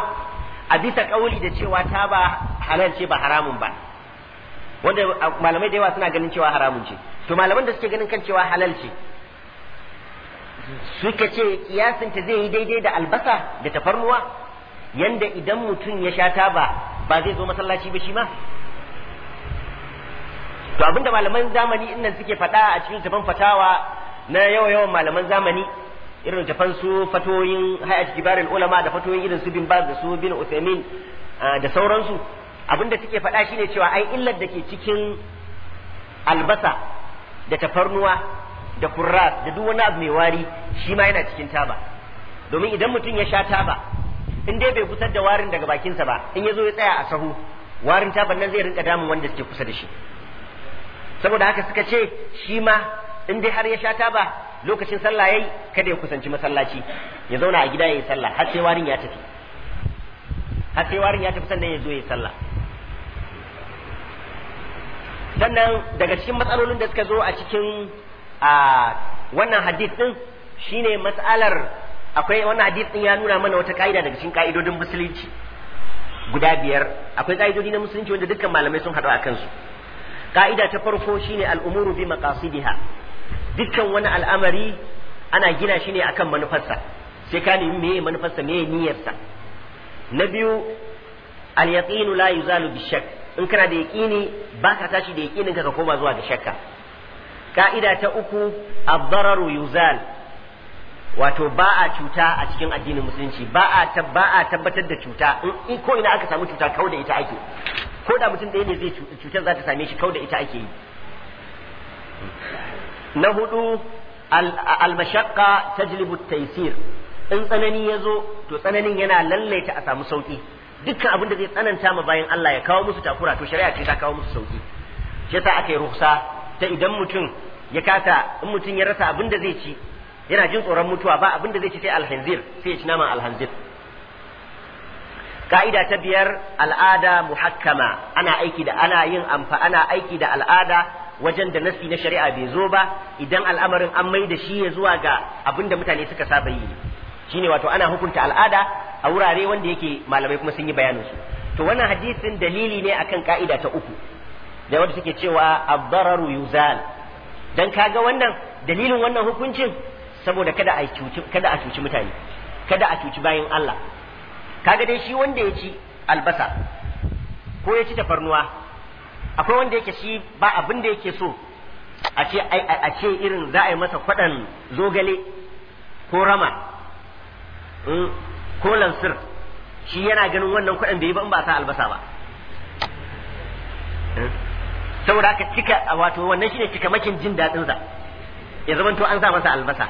a bisa kauli da cewa taba halal ce ba haramun ba wanda malamai da yawa suna ganin cewa haramun ce to malaman da suke ganin kan cewa halal ce suka ce kiyasinta zai yi daidai da albasa da tafarnuwa yanda idan mutum ya sha taba ba zai zo masallaci ba shi ma to abinda malaman zamani innan suke faɗa a cikin tafan fatawa na yawa yawan malaman zamani irin tafan su fatoyin hayat kibarul ulama da fatoyin irin su bin baz da su bin uthaymin da sauransu abinda suke faɗa shine cewa ai illar da ke cikin albasa da tafarnuwa da kurras da duk wani abu mai wari shi ma yana cikin taba domin idan mutum ya sha taba in dai bai kusar da warin daga bakinsa ba in ya zo ya tsaya a sahu warin taban nan zai rinka damun wanda suke kusa da shi saboda haka suka ce shi ma in dai har ya sha taba lokacin sallah yayi kada ya kusanci masallaci ya zauna a gida yayi sallah har sai warin ya tafi har sai warin ya tafi sannan ya zo yayi sallah sannan daga cikin matsalolin da suka zo a cikin a wannan hadith din shine mas'alar akwai wannan hadith din ya nuna mana wata ka'ida daga cikin ka'idodin musulunci guda biyar akwai ka'idodi na musulunci wanda dukkan malamai sun haɗu a kansu ka'ida ta farko shine al'umuru bi maqasidiha dukkan wani al'amari ana gina shi ne akan manufarsa sai ka nemi meye manufarsa meye niyyarsa na biyu al yaqinu la yuzalu bi shakk in kana da yaqini baka tashi da yaqinin ka koma zuwa ga shakka ka'ida ta uku ad-dararu yuzal wato ba a cuta a cikin addinin musulunci ba a tabbatar da cuta in ko ina aka samu cuta kauda ita ake ko da mutum ɗaya ne zai cutar za ta same shi kauda ita ake yi na hudu al-mashaqqa tajlibu at-taysir in tsanani ya zo to tsananin yana lallaita a samu sauki dukkan abin da zai tsananta ma bayan Allah ya kawo musu takura to shari'a ce ta kawo musu sauki shi yasa aka yi ruhsa ta idan mutum ya kasa in mutum ya rasa abin da zai ci yana jin tsoron mutuwa ba abin da zai ci sai alhanzir sai ya ci naman alhanzir ka'ida ta biyar al'ada muhakkama ana aiki da ana yin amfa ana aiki da al'ada wajen da nasi na shari'a bai zo ba idan al'amarin an mai da shi ya zuwa ga abin da mutane suka saba yi shine wato ana hukunta al'ada a wurare wanda yake malamai kuma sun yi bayanin su to wannan hadisin dalili ne akan ka'ida ta uku da wanda take cewa abdararu yuzal dan kaga wannan dalilin wannan hukuncin saboda kada a cuci kada a cuci mutane kada a cuci bayin Allah kaga dai shi wanda ya ci albasa ko ya ci tafarnuwa akwai wanda yake shi ba abin da yake so a ce a ce irin za a yi masa kwadan zogale ko rama hmm, ko lansir shi yana ganin wannan kwadan bai yi ba in ba sa albasa ba saboda haka cika wato wannan shine cikamakin jin dadin sa ya zamanto an sa masa albasa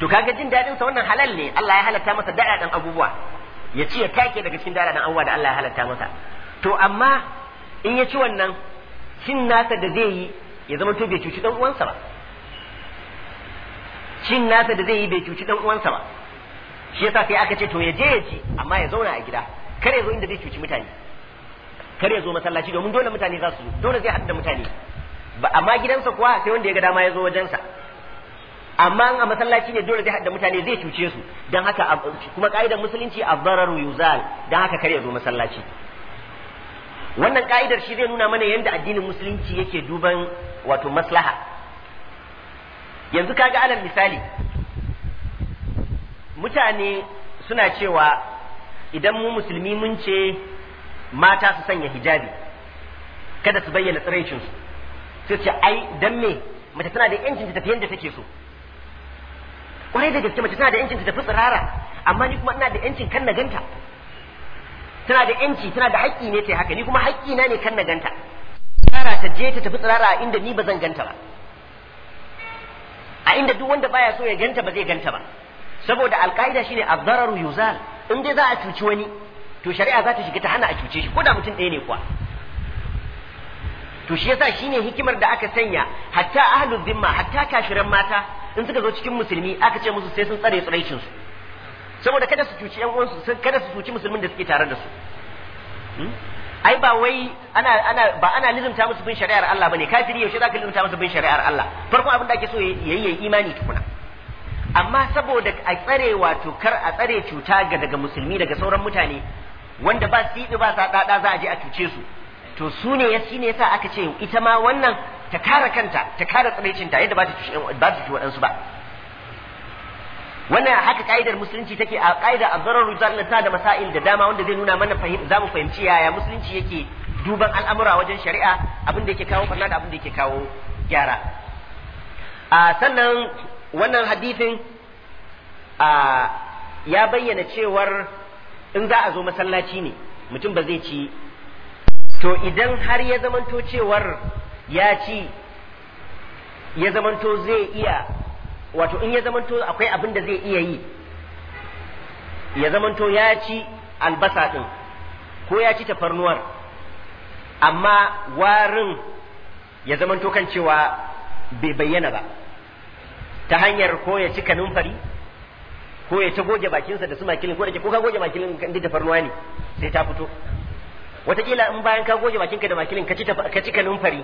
to kaga jin daɗin sa wannan halal ne Allah ya halatta masa daɗaɗan abubuwa ya ci ya take daga cikin daɗaɗan abubuwa da Allah ya halatta masa to amma in ya ci wannan cin nasa da zai yi ya zamanto bai cuci dan uwansa ba cin nasa da zai yi bai cuci dan uwansa ba shi yasa sai aka ce to ya je ya ci amma ya zauna a gida kar ya zo inda zai cuci mutane kar ya zo masallaci domin dole mutane za su zo dole zai haɗu da mutane amma gidansa kuwa sai wanda ya ga dama ya zo wajensa amma a masallaci ne dole zai haɗa mutane zai cuce su don haka kuma ka'idar musulunci a bararu yuzal don haka kar ya zo masallaci wannan ka'idar shi zai nuna mana yadda addinin musulunci yake duban wato maslaha yanzu kaga alal misali mutane suna cewa idan mu musulmi mun ce mata su sanya hijabi kada su bayyana tsiraicin su sai ce ai dan me mace tana da yancin ta tafi yanda take so kwarai da gaske mace tana da yancin ta tafi tsirara amma ni kuma ina da yancin kan na ganta tana da yanci tana da haƙƙi ne sai haka ni kuma haƙƙi na ne kan na ganta tsara ta je ta tafi tsirara a inda ni ba zan ganta ba a inda duk wanda baya so ya ganta ba zai ganta ba saboda alƙa'ida shine ad-dararu yuzal in dai za a cuci wani to shari'a za ta shiga ta hana a cuce shi ko da mutum ɗaya ne kuwa to shi yasa shine hikimar da aka sanya hatta ahlul zimma hatta kafiran mata in suka zo cikin musulmi aka ce musu sai sun tsare tsaraicin su saboda kada su cuci yan uwansu kada su cuci musulmin da suke tare da su hmm? ai ba wai ana ana ba ana lizumta musu bin shari'ar Allah bane kafiri yaushe zaka lizumta musu bin shari'ar Allah farko abin da ake so yayi yayi imani tukuna amma saboda a tsare wato kar a tsare cuta ga daga musulmi daga sauran mutane wanda ba tsibi ba sa dada za a je a cuce su to su ne ya ne yasa aka ce ita ma wannan ta kare kanta ta kare tsabaicinta yadda ba ta cuce ba ta cuce waɗansu ba wannan haka ka'idar musulunci take a ka'idar na ta da masail da dama wanda zai nuna mana za mu fahimci yaya musulunci yake duban al'amura wajen shari'a abin da yake kawo barna da abin da yake kawo gyara a sannan wannan hadithin ya bayyana cewar in za a zo masallaci ne mutum ba zai ci to idan har ya zamanto cewar ya ci ya zamanto zai iya wato in ya zamanto akwai abin da zai iya yi ya zamanto ya ci albasa ɗin ko ya ci tafarnuwar amma warin ya zamanto kan cewa bai bayyana ba ta hanyar ko ya ci kanumfari ko ya ta goge bakinsa da su makilin ko da ko ka goge makilin kan da farnuwa ne sai ta fito wataƙila in bayan ka goge bakinka da makilin ka ci ka ci numfari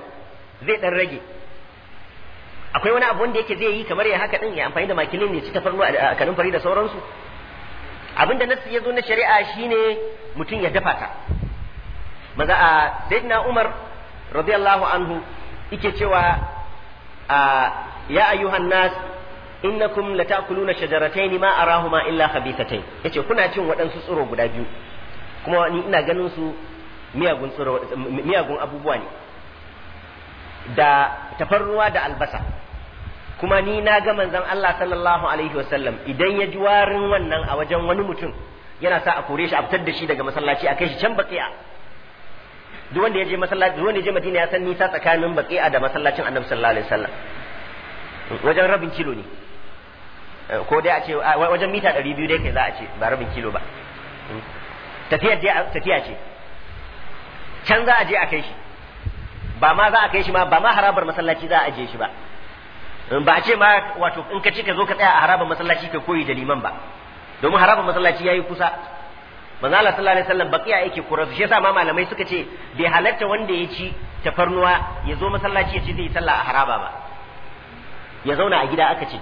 zai dan rage akwai wani abu wanda yake zai yi kamar ya haka din ya amfani da makilin ne ci tafarnuwa a kanumfari da sauransu abin da nasu ya zo na shari'a shine mutum ya dafa ta maza a sayyidina umar radiyallahu anhu yake cewa ya ayyuhan nas innakum latakuluna shajarataini ma arahuma illa khabithatayn yace kuna cin waɗansu tsiro guda biyu kuma ni ina ganin su miyagun tsiro miyagun abubuwa ne da tafarnuwa da albasa kuma ni na ga manzon Allah sallallahu alaihi wasallam idan ya ji warin wannan a wajen wani mutum yana sa a kore shi a fitar da shi daga masallaci a kai shi can baqiya duk wanda ya je masallaci duk wanda ya je Madina ya san nisa tsakanin baqiya da masallacin Annabi sallallahu alaihi wasallam wajen rabin kilo ne ko dai a ce wajen mita 200 dai kai za a ce ba rabin kilo ba tafiyar dai tafiya ce can za a je a kai shi ba ma za a kai shi ma ba ma harabar masallaci za a je shi ba ba a ce ma wato in ka ci ka zo ka tsaya a harabar masallaci ka koyi da liman ba domin harabar masallaci yayi kusa manzo Allah sallallahu alaihi wasallam baqiya yake kura shi yasa ma malamai suka ce bai halatta wanda ya ci tafarnuwa ya zo masallaci ya ce zai sallah a haraba ba ya zauna a gida aka ce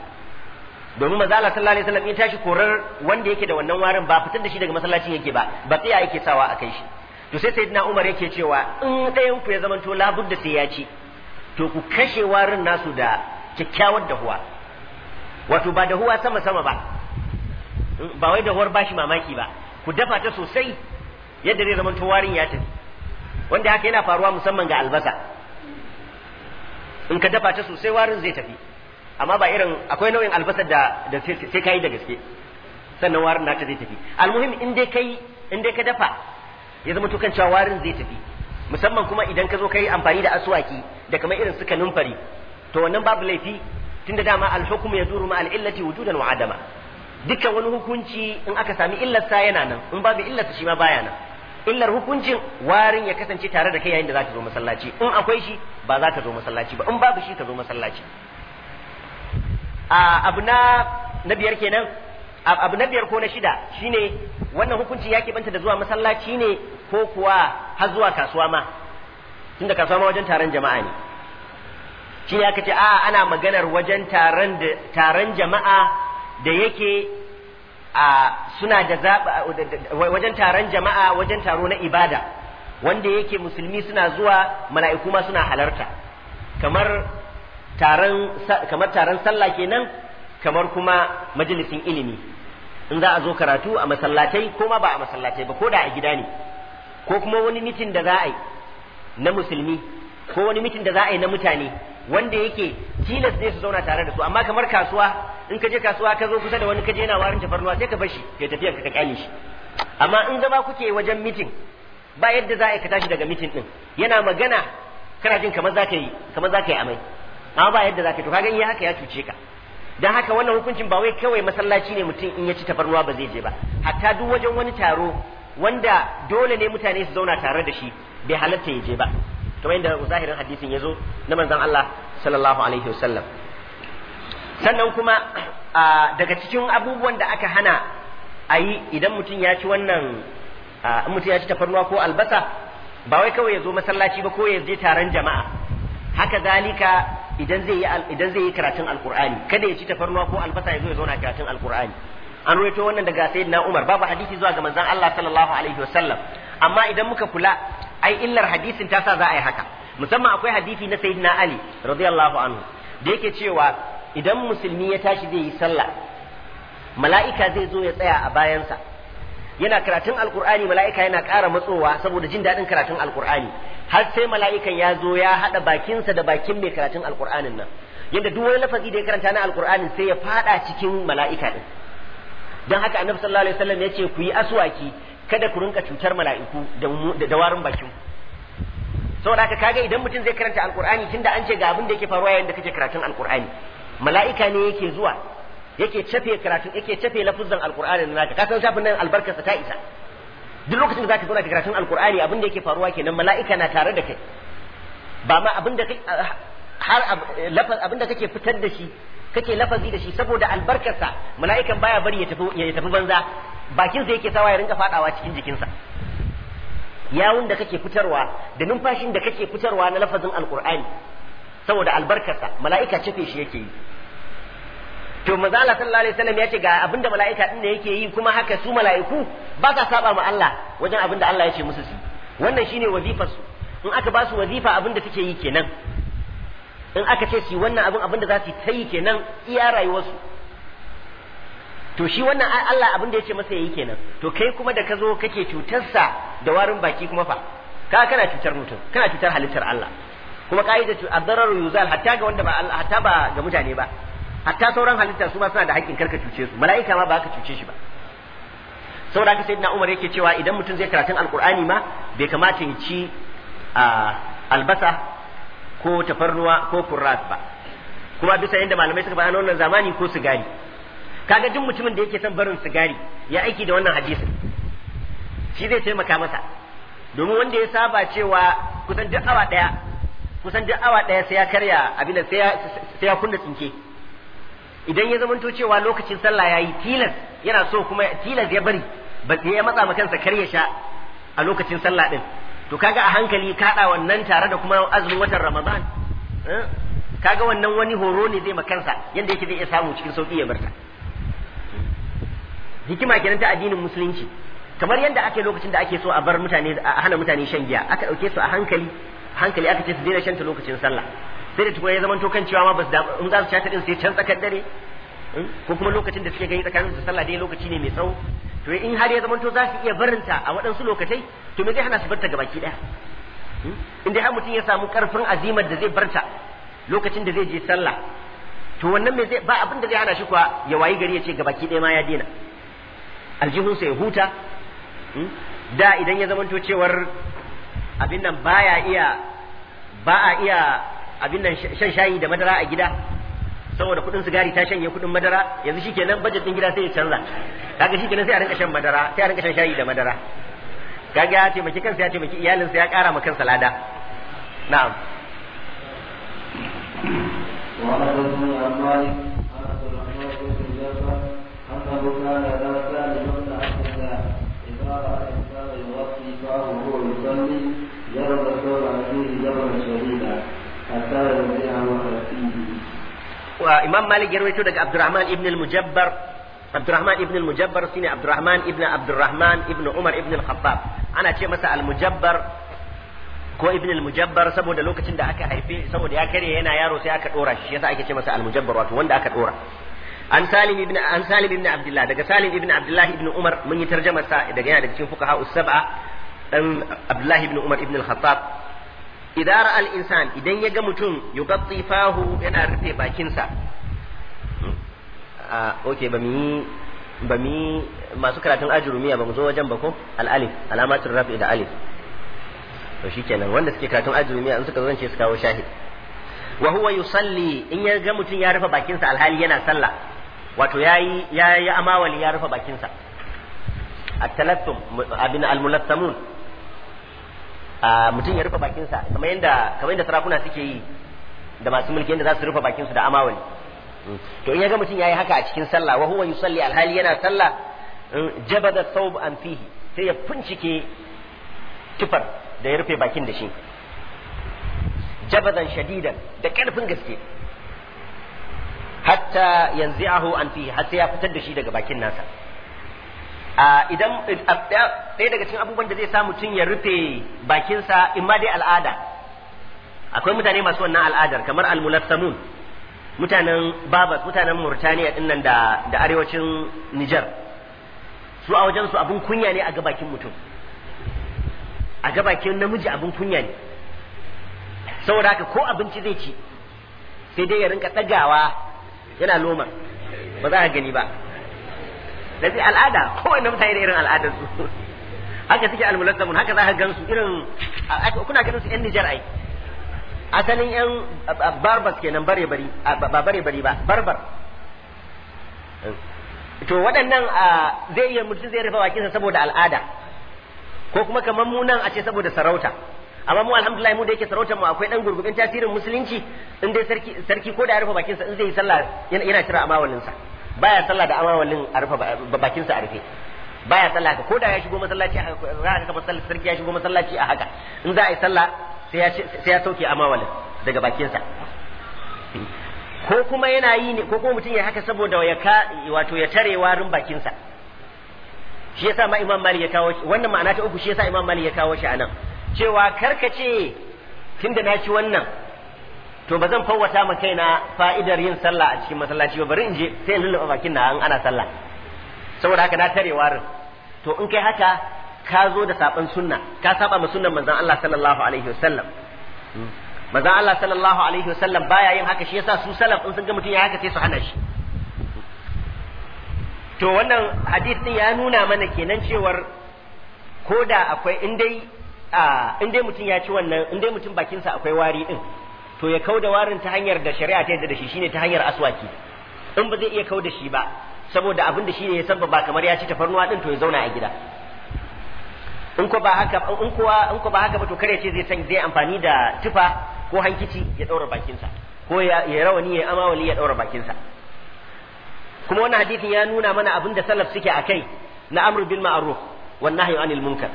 domin maza Allah sallallahu alaihi wasallam in tashi korar wanda yake da wannan warin ba fitar da shi daga masallacin yake ba ba tsaya yake sawa a kai shi to sai sayyidina Umar yake cewa in ɗayan ku ya zamanto labudda sai ya ci to ku kashe warin nasu da kyakkyawar dahuwa wato ba dahuwa sama sama ba ba wai dahuwar bashi mamaki ba ku dafa ta sosai yadda zai zamanto warin ya tafi wanda haka yana faruwa musamman ga albasa in ka dafa ta sosai warin zai tafi amma ba irin akwai nau'in albasa da da sai kai da gaske sannan warin ta zai tafi almuhim in dai kai in dai ka dafa ya zama tukan cewa warin zai tafi musamman kuma idan ka zo kai amfani da aswaki da kamar irin suka numfari to wannan babu laifi tunda dama al-hukmu yaduru ma al-illati wujudan wa adama dukkan wani hukunci in aka sami illarsa yana nan in babu illarsa shi ma baya nan illar hukuncin warin ya kasance tare da kai yayin da zaka zo masallaci in akwai shi ba za ka zo masallaci ba in babu shi ka zo masallaci abu na biyar kenan abu na biyar ko na shida shine wannan hukunci ya banta da zuwa masallaci ne ko kuwa har zuwa kasuwa ma tunda kasuwa ma wajen taron jama'a ne shi ne aka ce a ana maganar wajen taron da taron jama'a da yake a suna da zaba wajen taron jama'a wajen taro na ibada wanda yake musulmi suna zuwa mala'iku ma suna halarta kamar taron kamar taron sallah kenan kamar kuma majalisin ilimi in za a zo karatu a masallatai ko ma ba a masallatai ba ko da a gida ne ko kuma wani mitin da za a yi na musulmi ko wani mitin da za a yi na mutane wanda yake tilas ne su zauna tare da su amma kamar kasuwa in ka je kasuwa ka zo kusa da wani ka je yana warin tafarnuwa sai ka bar shi ya tafiya ka kyale shi amma in zama kuke wajen mitin ba yadda za a yi ka tashi daga mitin din yana magana kana jin kamar za ka yi kamar za ka yi amai amma ba yadda zaka to kaga in haka ya cuce ka dan haka wannan hukuncin ba wai kawai masallaci ne mutum in ya ci tafarnuwa ba zai je ba hatta duk wajen wani taro wanda dole ne mutane su zauna tare da shi bai halatta ya je ba kamar inda zahirin hadisin ya zo na manzon Allah sallallahu alaihi wasallam sannan kuma daga cikin abubuwan da aka hana a yi idan mutum ya ci wannan mutum ya ci tafarnuwa ko albasa ba wai kawai ya zo masallaci ba ko ya je taron jama'a haka zalika idan zai yi idan zai yi karatun alqur'ani kada ya ci tafarnuwa ko albasa ya zo ya zauna karatun alqur'ani an ruwaito wannan daga sayyidina Umar babu hadisi zuwa ga manzon Allah sallallahu alaihi wasallam amma idan muka kula ai illar hadisin ta sa za a yi haka musamman akwai hadisi na sayyidina Ali radiyallahu anhu da yake cewa idan musulmi ya tashi zai yi sallah mala'ika zai zo ya tsaya a bayansa yana karatun alkur'ani mala'ika yana ƙara matsowa saboda jin daɗin karatun alkur'ani har sai mala'ikan ya zo ya haɗa bakinsa da bakin mai karatun alƙur'anin nan yadda duk wani lafazi da ya karanta na alƙur'anin sai ya faɗa cikin mala'ika din. don haka annabi sallallahu alaihi wasallam ya ce ku yi aswaki kada ku rinka cutar mala'iku da warin bakin saboda haka kaga idan mutum zai karanta alƙur'ani tunda an ce ga abin da yake faruwa yayin da kake karatun alƙur'ani mala'ika ne yake zuwa yake cafe karatun yake cafe lafuzan alƙur'ani naka ka san shafin nan albarkarsa ta isa duk lokacin da zaka zo ka karatun alkur'ani abin da yake faruwa kenan mala'ika na tare da kai ba ma abin da kai ah, har abin da kake fitar da shi kake lafazi da shi saboda albarkarsa mala'ikan baya bari ya tafi banza bakin sa yake sawa ya rinka fadawa cikin jikinsa yawun da kake fitarwa da numfashin da kake fitarwa na lafazin alkur'ani saboda albarkarsa mala'ika cefe shi yake yi to manzo sallallahu alaihi wasallam ya ce ga abinda mala'ika din da yake yi kuma haka su mala'iku ba sa saba ma Allah wajen abinda Allah ya ce musu su wannan shine wazifar su in aka ba su wazifa abinda take yi kenan in aka ce su wannan abin abinda za su yi kenan iya rayuwarsu to shi wannan Allah abin da ya ce masa yayi kenan to kai kuma da ka zo kake cutarsa da warin baki kuma fa ka kana cutar mutum kana cutar halittar Allah kuma ka'idatu ad-dararu yuzal hatta ga wanda ba hatta ba ga mutane ba hatta sauran halitta su ma suna da haƙƙin karka cuce su mala'ika ma ba ka cuce shi ba saboda haka sayyidina Umar yake cewa idan mutum zai karatun alqur'ani ma bai kamata ya ci albasa ko tafarnuwa ko kurras ba kuma bisa yadda malamai suka faɗa wannan zamani ko sigari kaga duk mutumin da yake son barin sigari ya aiki da wannan hadisi shi zai taimaka masa domin wanda ya saba cewa kusan duk awa daya kusan duk awa daya sai ya karya abin da sai ya kunna tsinke idan ya zamanto cewa lokacin sallah ya yi tilas yana so kuma tilas ya bari ba ya matsa ma kansa kar ya sha a lokacin sallah din to kaga a hankali kaɗa wannan tare da kuma azumin watan ramadan eh? kaga wannan wani horo ne zai ma kansa yanda yake zai iya samu cikin sauki ya barta hikima kenan ta addinin musulunci kamar yadda ake lokacin da ake so a bar mutane a hana mutane shan giya aka dauke su a hankali hankali aka ce su daina shanta lokacin sallah sai da tuwa ya zama tokan cewa ma basu damu in za su cata din sai can tsakar dare hmm, ko kuma lokacin da suke gani tsakanin su sallah dai lokaci ne mai tsawo to in har ya zama to za su iya barinta a waɗansu lokacai to me zai hana su barta gabaki ɗaya hmm, in dai har mutum ya samu karfin azimar da zai barta lokacin da zai je sallah to wannan me zai ba abin da zai hana shi kuwa ya wayi gari ya ce gabaki ɗaya ma ya dena aljihun sa ya huta hmm, da idan ya zama to cewar abin nan baya iya ba a iya abin nan shan shayi da madara a gida saboda kudin sigari ta shanye kudin madara yanzu shi kenan budget din gida sai ya canza kaga shi kenan sai a rinka shan madara sai a rinka shan shayi da madara kaga ya taimaki kansa ya taimaki iyalinsa ya kara ma kansa lada na'am يرى الثور عليه جبل شديد wa imam malik ya rawaito daga abdurrahman ibn al-mujabbar abdurrahman ibn al-mujabbar shine abdurrahman ibn abdurrahman ibn umar ibn al-khattab ana ce masa al-mujabbar ko ibn al-mujabbar saboda lokacin da aka haife saboda ya kare yana yaro sai aka dora shi yasa ake ce masa al-mujabbar wato wanda aka dora an salim ibn an salim ibn abdullah daga salim ibn abdullah ibn umar mun yi tarjumar sa daga yana daga cikin fuqaha us-sab'a dan abdullah ibn umar ibn al-khattab idara al idan ya ga mutum yughatti fahu yana rufe bakinsa a okay ba mi ba mi masu karatun ajurumiya ba mu zo wajen bako ko al alif alamatul rafi da alif to shi shikenan wanda suke karatun ajurumiya in suka zo su kawo shahid wa huwa yusalli in ya ga mutum ya rufe bakinsa alhali yana sallah wato yayi yayi amawali ya rufe bakinsa at-talattum abin al-mulathamun mutum ya rufe bakinsa kamar yadda kamar yadda sarakuna suke yi da masu mulki yadda za su rufe bakinsu da amawali to in ya ga mutum yayi haka a cikin sallah wa huwa yusalli alhali yana sallah jabada thawb an fihi sai ya fincike tufar da ya rufe bakin da shi jabadan shadidan da karfin gaske hatta yanzi'ahu an fihi hatta ya fitar da shi daga bakin nasa a idan ɗaya daga cikin abubuwan da zai sa mutum ya rufe bakinsa in ma dai al'ada akwai mutane masu wannan al'adar kamar al-mulassamun mutanen babas mutanen murtaniya din nan da da arewacin nijar su a wajen su abun kunya ne a ga bakin mutum a ga bakin namiji abun kunya ne saboda haka ko abinci zai ci sai dai ya rinka tsagawa yana loma ba za a gani ba da zai al'ada kowanne mutane da irin al'adar su haka suke almulazzamun haka za ka gan su irin kuna ganin su yan Nijar ai asalin yan ke kenan bare bari ba bare bari ba barbar to waɗannan zai iya mutum zai rufe bakinsa saboda al'ada ko kuma kamar mu nan a ce saboda sarauta amma mu alhamdulillah mu da yake sarautar mu akwai dan gurgurdan tasirin musulunci in dai sarki sarki ko da ya rufe bakinsa in zai yi sallah yana kira amawalinsa baya sallah da amawalin a rufe bakin sa a rufe baya sallah haka ko da ya shigo masallaci a haka ka sallah sarki ya shigo masallaci a haka in za a yi sallah sai ya sauke amawalin daga bakin sa ko kuma yana yi ne ko kuma mutum ya haka saboda ya ka wato ya tare warin bakin sa shi yasa ma Imam mali ya kawo shi wannan ma'ana ta uku shi yasa Imam mali ya kawo shi anan cewa karkace tunda na ci wannan to ba zan fawwata ma kaina fa'idar yin sallah a cikin masallaci ba bari in je sai in lulluɓa bakin na an ana sallah saboda haka na tare warin to in kai haka ka zo da saban sunna ka saba ma sunnan manzon Allah sallallahu alaihi wasallam manzon Allah sallallahu alaihi wasallam baya yin haka shi yasa su salaf in sun ga mutum ya haka sai su hana shi to wannan hadith din ya nuna mana kenan cewar ko da akwai in dai mutum ya ci wannan in dai mutum bakinsa akwai wari din to ya kau da warin ta hanyar da shari'a ta yadda da shi shine ta hanyar aswaki in ba zai iya da shi ba saboda abin da shine ya sabba ba kamar ya ci tafarnuwa din to ya zauna a gida in ko ba haka in kuwa in ko ba haka ba to kare ce zai san zai amfani da tufa ko hankici ya daura bakinsa ko ya rawani ya amawali ya daura bakinsa kuma wannan hadisin ya nuna mana abin da salaf suke akai na amru bil ma'ruf wan nahyi anil munkar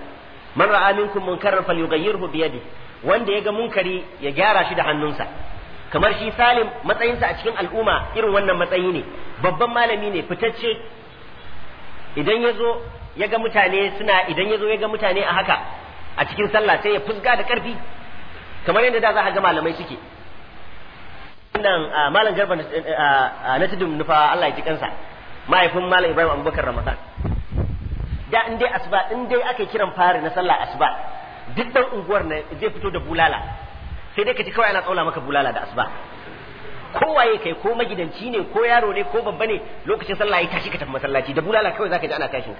man ra'a minkum munkaran falyughayyirhu bi yadihi wanda ya ga munkari ya gyara shi da hannunsa kamar shi salim matsayinsa a cikin al'umma irin wannan matsayi ne babban malami ne fitacce idan ya zo ya ga mutane suna idan ya zo ya ga mutane a haka a cikin sallah sai ya fusga da ƙarfi kamar yadda da za a ga malamai suke wannan malam garba eh, eh, na tudun nufa Allah ya ji kansa mahaifin malam Ibrahim Abubakar Ramadan da in dai asuba in dai aka kiran fari na sallah asuba duk dan unguwar na zai fito da bulala sai dai ka ci kawai ana tsaula maka bulala da asuba kowaye kai ko magidanci ne ko yaro ne ko babba ne lokacin sallah ya tashi ka tafi masallaci da bulala kawai zaka ji ana tashin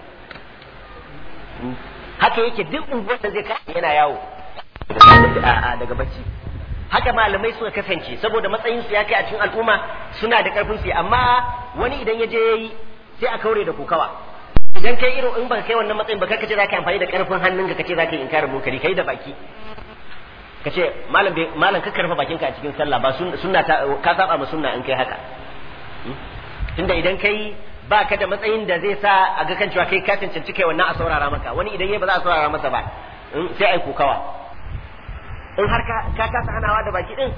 haka yake duk unguwar da zai kai yana yawo daga bacci haka malamai suka kasance saboda matsayin su ya kai a cikin al'umma suna da karfin su amma wani idan ya je yayi sai a kaure da kokawa idan kai irin in baka kai wannan matsayin ba kace zaka amfani da karfin hannunka kace zaka inkarin munkari kai da baki kace malam malam ka karfa bakinka a cikin sallah ba sunna ka saba ma sunna in kai haka hmm? tunda idan kai ba ka da matsayin da zai sa a ga kan cewa kai ka cancanci kai wannan a saurara maka wani idan yayi ba za a saurara masa ba hmm, sai ai kokawa in har ka kasa hanawa da baki din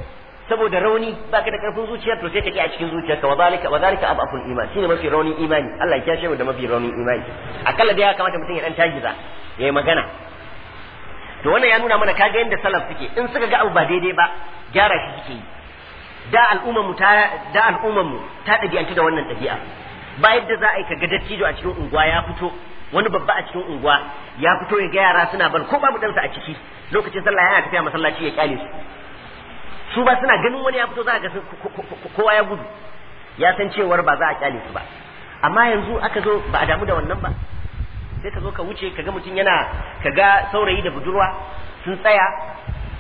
saboda rauni baka da karfin zuciya to sai ka ki a cikin zuciyarka ka wazalika wazalika abaful iman shine mafi rauni imani Allah ya kyashe mu da mafi rauni imani akalla dai ya kamata mutum ya dan tagiza yayi magana to wannan ya nuna mana kaga yanda salaf suke in suka ga abu ba daidai ba gyara shi suke yi da al'ummar mu ta da al'ummar mu ta dabi'antu da wannan dabi'a ba yadda za a yi ga dattijo a cikin unguwa ya fito wani babba a cikin unguwa ya fito ya ga yara suna bar ko babu dansa a ciki lokacin sallah yana tafiya masallaci ya kyale su su ba suna ganin wani ya fito za ga kowa ya gudu ya san cewar ba za a kyale su ba amma yanzu aka zo ba a damu da wannan ba sai ka zo ka wuce ka ga mutum yana ka ga saurayi da budurwa sun tsaya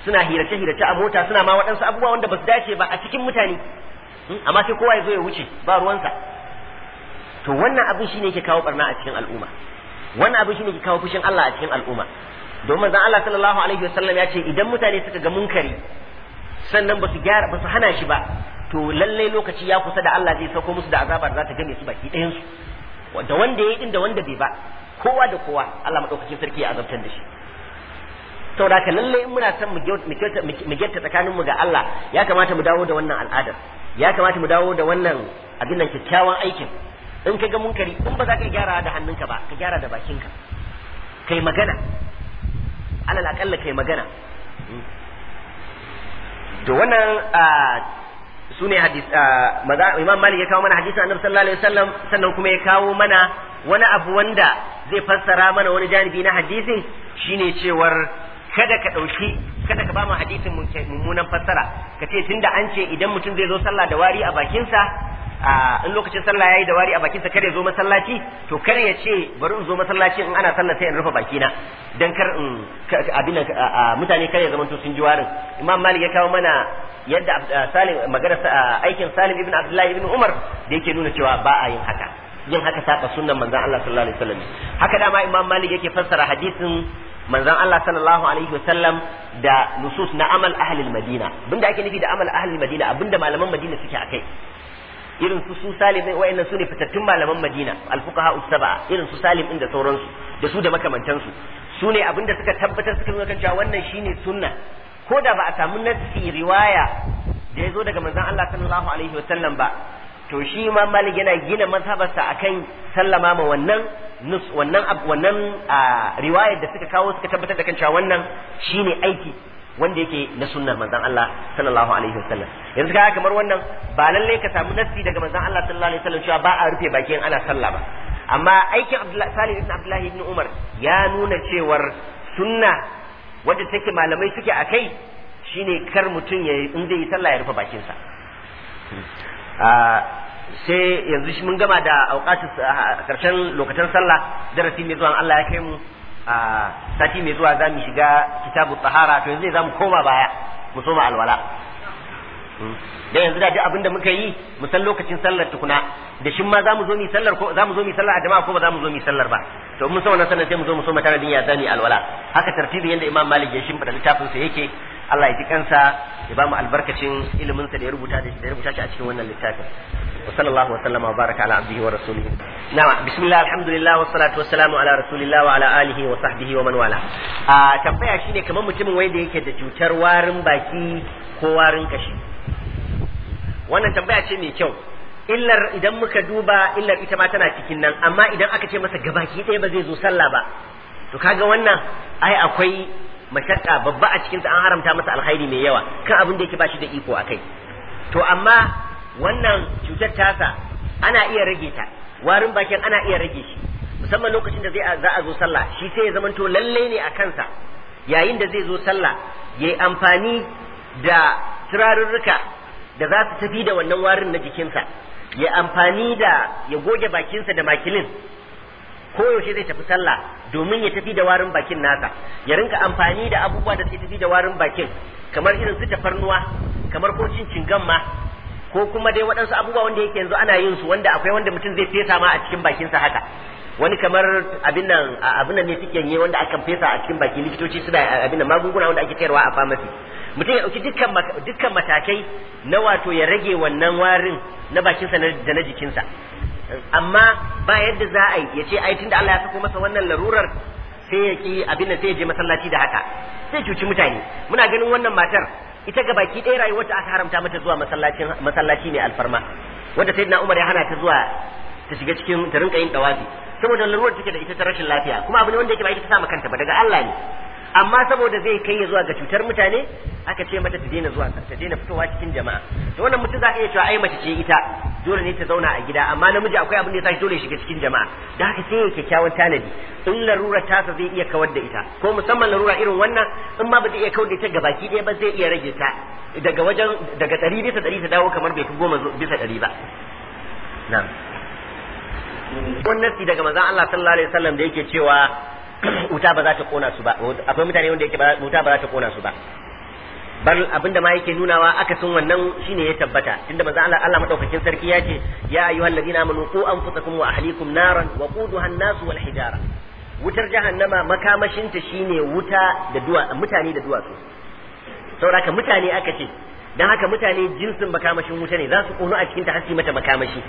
suna hirace hirace a mota suna ma waɗansu abubuwa wanda ba su dace ba a cikin mutane hmm? amma sai kowa ya zo ya wuce ba ruwansa to wannan abin shine yake kawo barna a cikin al'umma wannan abin shine yake kawo fushin Allah a cikin al'umma domin dan Allah sallallahu alaihi wasallam ya ce idan mutane suka ga munkari sannan ba su gyara ba su hana shi ba to lallai lokaci ya kusa da Allah zai sauko musu da azabar za ta game su baki ɗayan su da wanda ya din da wanda bai ba kowa da kowa Allah madaukakin sarki ya azabtar da shi saboda ka lallai in muna son mu gyarta tsakaninmu ga Allah ya kamata mu dawo da wannan al'adar ya kamata mu dawo da wannan abin nan kyakkyawan aikin in ka ga munkari in ba za ka gyara da hannunka ba ka gyara da bakinka kai magana alal akalla kai magana hmm. to wannan su ne maza imam malik ya kawo mana hadisin annabi sallallahu alaihi wasallam sannan kuma ya kawo mana wani abu wanda zai fassara mana wani janibi na hadisin shine cewar kada ka ɗauki kada ka ba mu hadisin mummunan fassara ka ce tunda an ce idan mutum zai zo sallah da wari a bakinsa in lokacin sallah yayi da wari a bakinsa kada ya zo masallaci to kare ya ce bari in zo masallaci in ana sallah sai in rufe bakina dan kar in abin mutane kare ya to sun ji warin imam malik ya kawo mana yadda salim magana aikin salim ibn abdullahi ibn umar da yake nuna cewa ba a yin haka yin haka saba sunnan manzon Allah sallallahu alaihi wasallam haka dama imam malik yake fassara hadisin manzon Allah sallallahu alaihi wasallam da nusus na amal ahli madina abinda ake nufi da amal ahli madina abinda malaman madina suke akai irin su su salim din wa'annan fitattun malaman Madina alfuqaha usaba irin su salim din da sauransu da su da makamantansu ne abinda suka tabbatar suka nuna cewa wannan shine sunna ko da ba a samu nassi riwaya da ya zo daga manzon Allah sallallahu alaihi wasallam ba to shi ma malik yana gina mazhabarsa akan sallama ma wannan nus wannan wannan riwayar da suka kawo suka tabbatar da kan cewa wannan shine aiki wanda yake na sunnar manzon Allah sallallahu alaihi wasallam yanzu kaya kamar wannan ba lalle ka samu nassi daga manzon Allah sallallahu alaihi wasallam cewa ba a rufe bakin ana sallah ba amma aikin Salih ibn Abdullahi ibn Umar ya nuna cewar sunna wanda take malamai suke a kai shine kar mutum ya in zai yi sallah ya rufe bakin bakinsa ah, sai yanzu shi mun gama da auqatu ah, karshen lokacin sallah darasi mai zuwa Allah ya kai mu a sati mai zuwa za mu shiga kitabu tsahara to yanzu za mu koma baya mu soma alwala hmm. da yanzu da duk abin da muka yi mu san lokacin sallar tukuna da shin ma zamu zo mu sallar ko zamu zo mu sallar a jama'a ko ba zamu zo mu sallar ba to mun san wannan sanan sai mu zo mu soma mu tare ya zani alwala haka tartibi yanda Imam Malik ya shimfida littafin sa yake Allah ya ji kansa ya ba mu albarkacin ilimin sa da ya rubuta da ya rubuta shi a cikin wannan littafin وصلى الله وسلم وبارك على عبده ورسوله نعم بسم الله الحمد لله والصلاة والسلام على رسول الله وعلى آله وصحبه ومن والاه آه تنبيه شيني كمان متمن وين yake da cutar warin baki ko warin kashi wannan tambaya ce mai kyau illar idan muka duba illar ita ma tana cikin nan amma idan aka ce masa gabaki ɗaya ba zai zo sallah ba to kaga wannan ai akwai mashakka babba a cikinsa an haramta masa alkhairi mai yawa kan abin da yake bashi da iko a kai to amma wannan cutar tasa ana iya rage ta warin bakin ana iya rage shi musamman lokacin da za a zo sallah shi sai ya zamanto lalle ne a kansa yayin da zai zo sallah ya yi amfani da turarurruka da za su tafi da wannan warin na jikinsa ya amfani da ya goge bakinsa da makilin koyaushe zai tafi sallah domin ya tafi da warin bakin nasa ya rinka amfani da abubuwa da suke tafi da warin bakin kamar irin su tafarnuwa kamar ko cin cingan ma ko kuma dai waɗansu abubuwa wanda yake yanzu ana yin su wanda akwai wanda mutum zai fesa ma a cikin bakinsa haka wani kamar abin nan abin nan ne tikanye wanda akan fesa a cikin baki likitoci suna abin nan magunguna wanda ake kayarwa a famasi mutum ya dauki dukkan dukkan matakai na wato ya rage wannan warin na bakinsa da na jikinsa amma ba yadda za a yi ya ce ai tunda Allah ya sako masa wannan larurar sai ya ki abin nan sai ya je masallaci da haka sai cuci mutane muna ganin wannan matar ita ga baki ɗaya rayuwar ta aka haramta mata zuwa masallacin masallaci ne alfarma wanda na Umar ya hana ta zuwa ta shiga cikin ta yin dawafi saboda laruwar take da ita ta rashin lafiya kuma abu ne wanda yake ba ita ta sa kanta ba daga Allah ne amma saboda zai kai ya zuwa ga cutar mutane aka ce mata ta daina zuwa ta daina fitowa cikin jama'a to wannan mutum za a iya cewa ai mace ce ita dole ne ta zauna a gida amma namiji akwai abin da ya dole ya shiga cikin jama'a da haka sai ya kyakkyawan tanadi in larura tasa zai iya kawar da ita ko musamman larura irin wannan in ma ba zai iya kawar da ita baki ɗaya ba zai iya rage ta daga wajen daga ɗari bisa ɗari ta dawo kamar bai fi goma bisa ɗari ba na'am wannan daga manzon Allah sallallahu alaihi wasallam da yake cewa wuta ba za ta kona su ba akwai mutane wanda yake wuta ba za ta kona su ba bar abinda ma yake nunawa akasin wannan shine ya tabbata tunda manzo Allah Allah madaukakin sarki ya ce ya ayyuhal ladina amanu qu anfusakum wa ahlikum naran wa quduha an-nas wal hijara wutar jahannama makamashinta shine wuta da duwa mutane da duwatsu saboda mutane aka ce dan haka mutane jinsin makamashin wuta ne za su kono a cikin ta hasi mata makamashi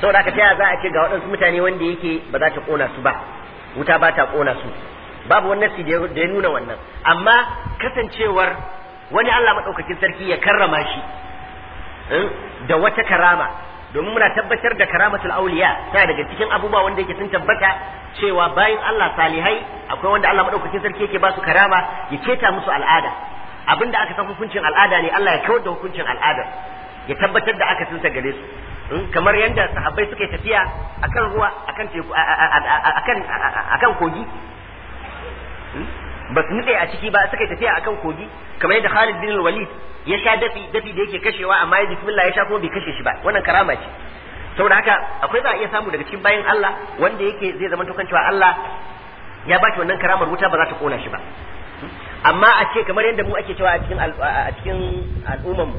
saboda ka ta za a ce ga waɗansu mutane wanda yake ba za ta kona su ba wuta ba ta kona su babu wannan nasi da ya nuna wannan amma kasancewar wani Allah maɗaukakin sarki ya karrama shi eh, da wata karama domin muna tabbatar da karamatul auliya tana daga cikin abubuwa wanda yake sun tabbata cewa bayan Allah salihai akwai wanda Allah maɗaukakin sarki yake ba su karama ya keta musu al'ada abinda aka san hukuncin al'ada ne Allah ya kawar da hukuncin al'adar ya tabbatar da sa gare su kamar yadda sahabbai suke tafiya akan ruwa akan teku akan akan kogi hmm? ba su nutse a ciki ba suka yi tafiya akan kogi kamar yadda Khalid bin Walid ya sha dafi dafi da yake kashewa amma ya bismillah ya sha kuma bai kashe shi ba wannan karama ce saboda haka akwai za a iya samu daga cikin bayan Allah wanda yake zai zama tukan cewa Allah ya baki wannan karamar wuta ba za ta kona shi ba hmm? amma a ce kamar yadda mu ake cewa a cikin a cikin al'ummar mu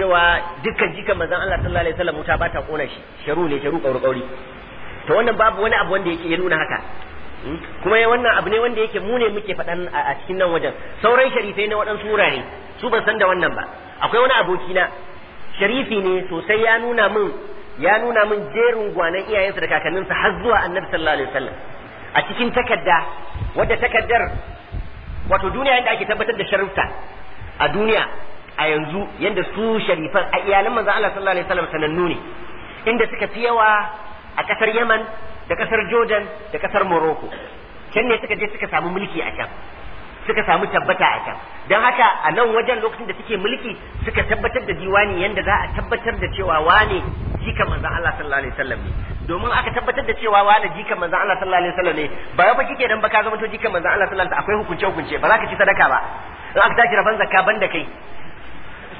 cewa dukkan jikan manzon Allah sallallahu alaihi wasallam wuta ba ta kona shi sharu ne sharu kauri kauri to wannan babu wani abu wanda yake ya nuna haka hmm? kuma ya wannan abu ne wanda yake mu ne muke faɗan a cikin nan wajen sauran sharifai na waɗansu wurare su ban san da wannan ba akwai wani aboki na sharifi ne sosai ya nuna min ya nuna min jerin gwanan iyayensa da kakanninsa har zuwa annabi sallallahu alaihi wasallam a cikin takarda wadda takaddar wato duniya inda ake tabbatar da sharifta a duniya a yanzu yadda su sharifan a iyalan manzan Allah sallallahu alaihi wasallam sanannu ne inda suka fi yawa a kasar Yaman da kasar Jordan da kasar Morocco can ne suka je suka samu mulki a can suka samu tabbata a can don haka a nan wajen lokacin da suke mulki suka tabbatar da diwani yadda za a tabbatar da cewa wane jika manzan Allah sallallahu alaihi wasallam ne domin aka tabbatar da cewa wane jika manzan Allah sallallahu alaihi wasallam ne ba ba kike dan ba zama to jika manzan Allah sallallahu alaihi wasallam akwai hukunce hukunce ba za ka ci sadaka ba in aka tashi rabon zakka banda kai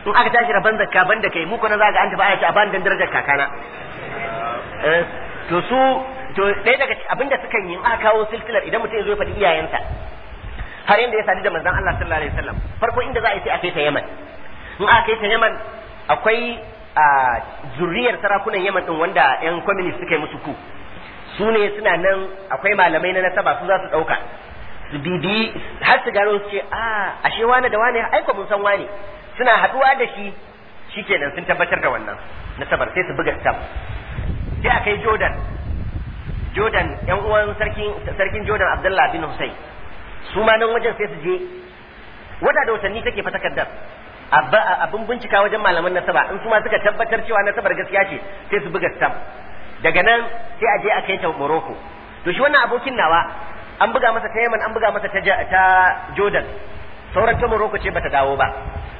in aka tashi rabon zakka banda kai mu kuna za ga an tafi ana ce a bani dan kakana eh, to su to ɗaya daga abinda sukan yi in aka kawo silsilar idan mutum ya zo ya faɗi iyayensa har inda ya sadu da manzon Allah sallallahu alaihi wasallam farko inda za a yi sai a kai ta Yaman in aka kai ta Yaman akwai a zuriyar sarakunan Yaman din wanda yan communist suka yi musu ku su ne suna nan akwai malamai na nasaba su za su ɗauka su bibi har su gano su ce a ah, ashe wane da wane aiko mun san wane suna haduwa da shi shikenan sun tabbatar da wannan nasabar sai su buga stam sai akai Jordan Jordan yan uwan sarkin sarkin Jordan Abdullah bin Hussein su ma nan wajen sai su je wata da watanni take fa takaddar abin bincika wajen malaman nasaba in su ma suka tabbatar cewa nasabar gaskiya ce sai su buga stamp daga nan sai a je a kai ta Morocco to shi wannan abokin nawa an buga masa ta Yemen an buga masa ta Jordan sauran ta Morocco ce bata dawo ba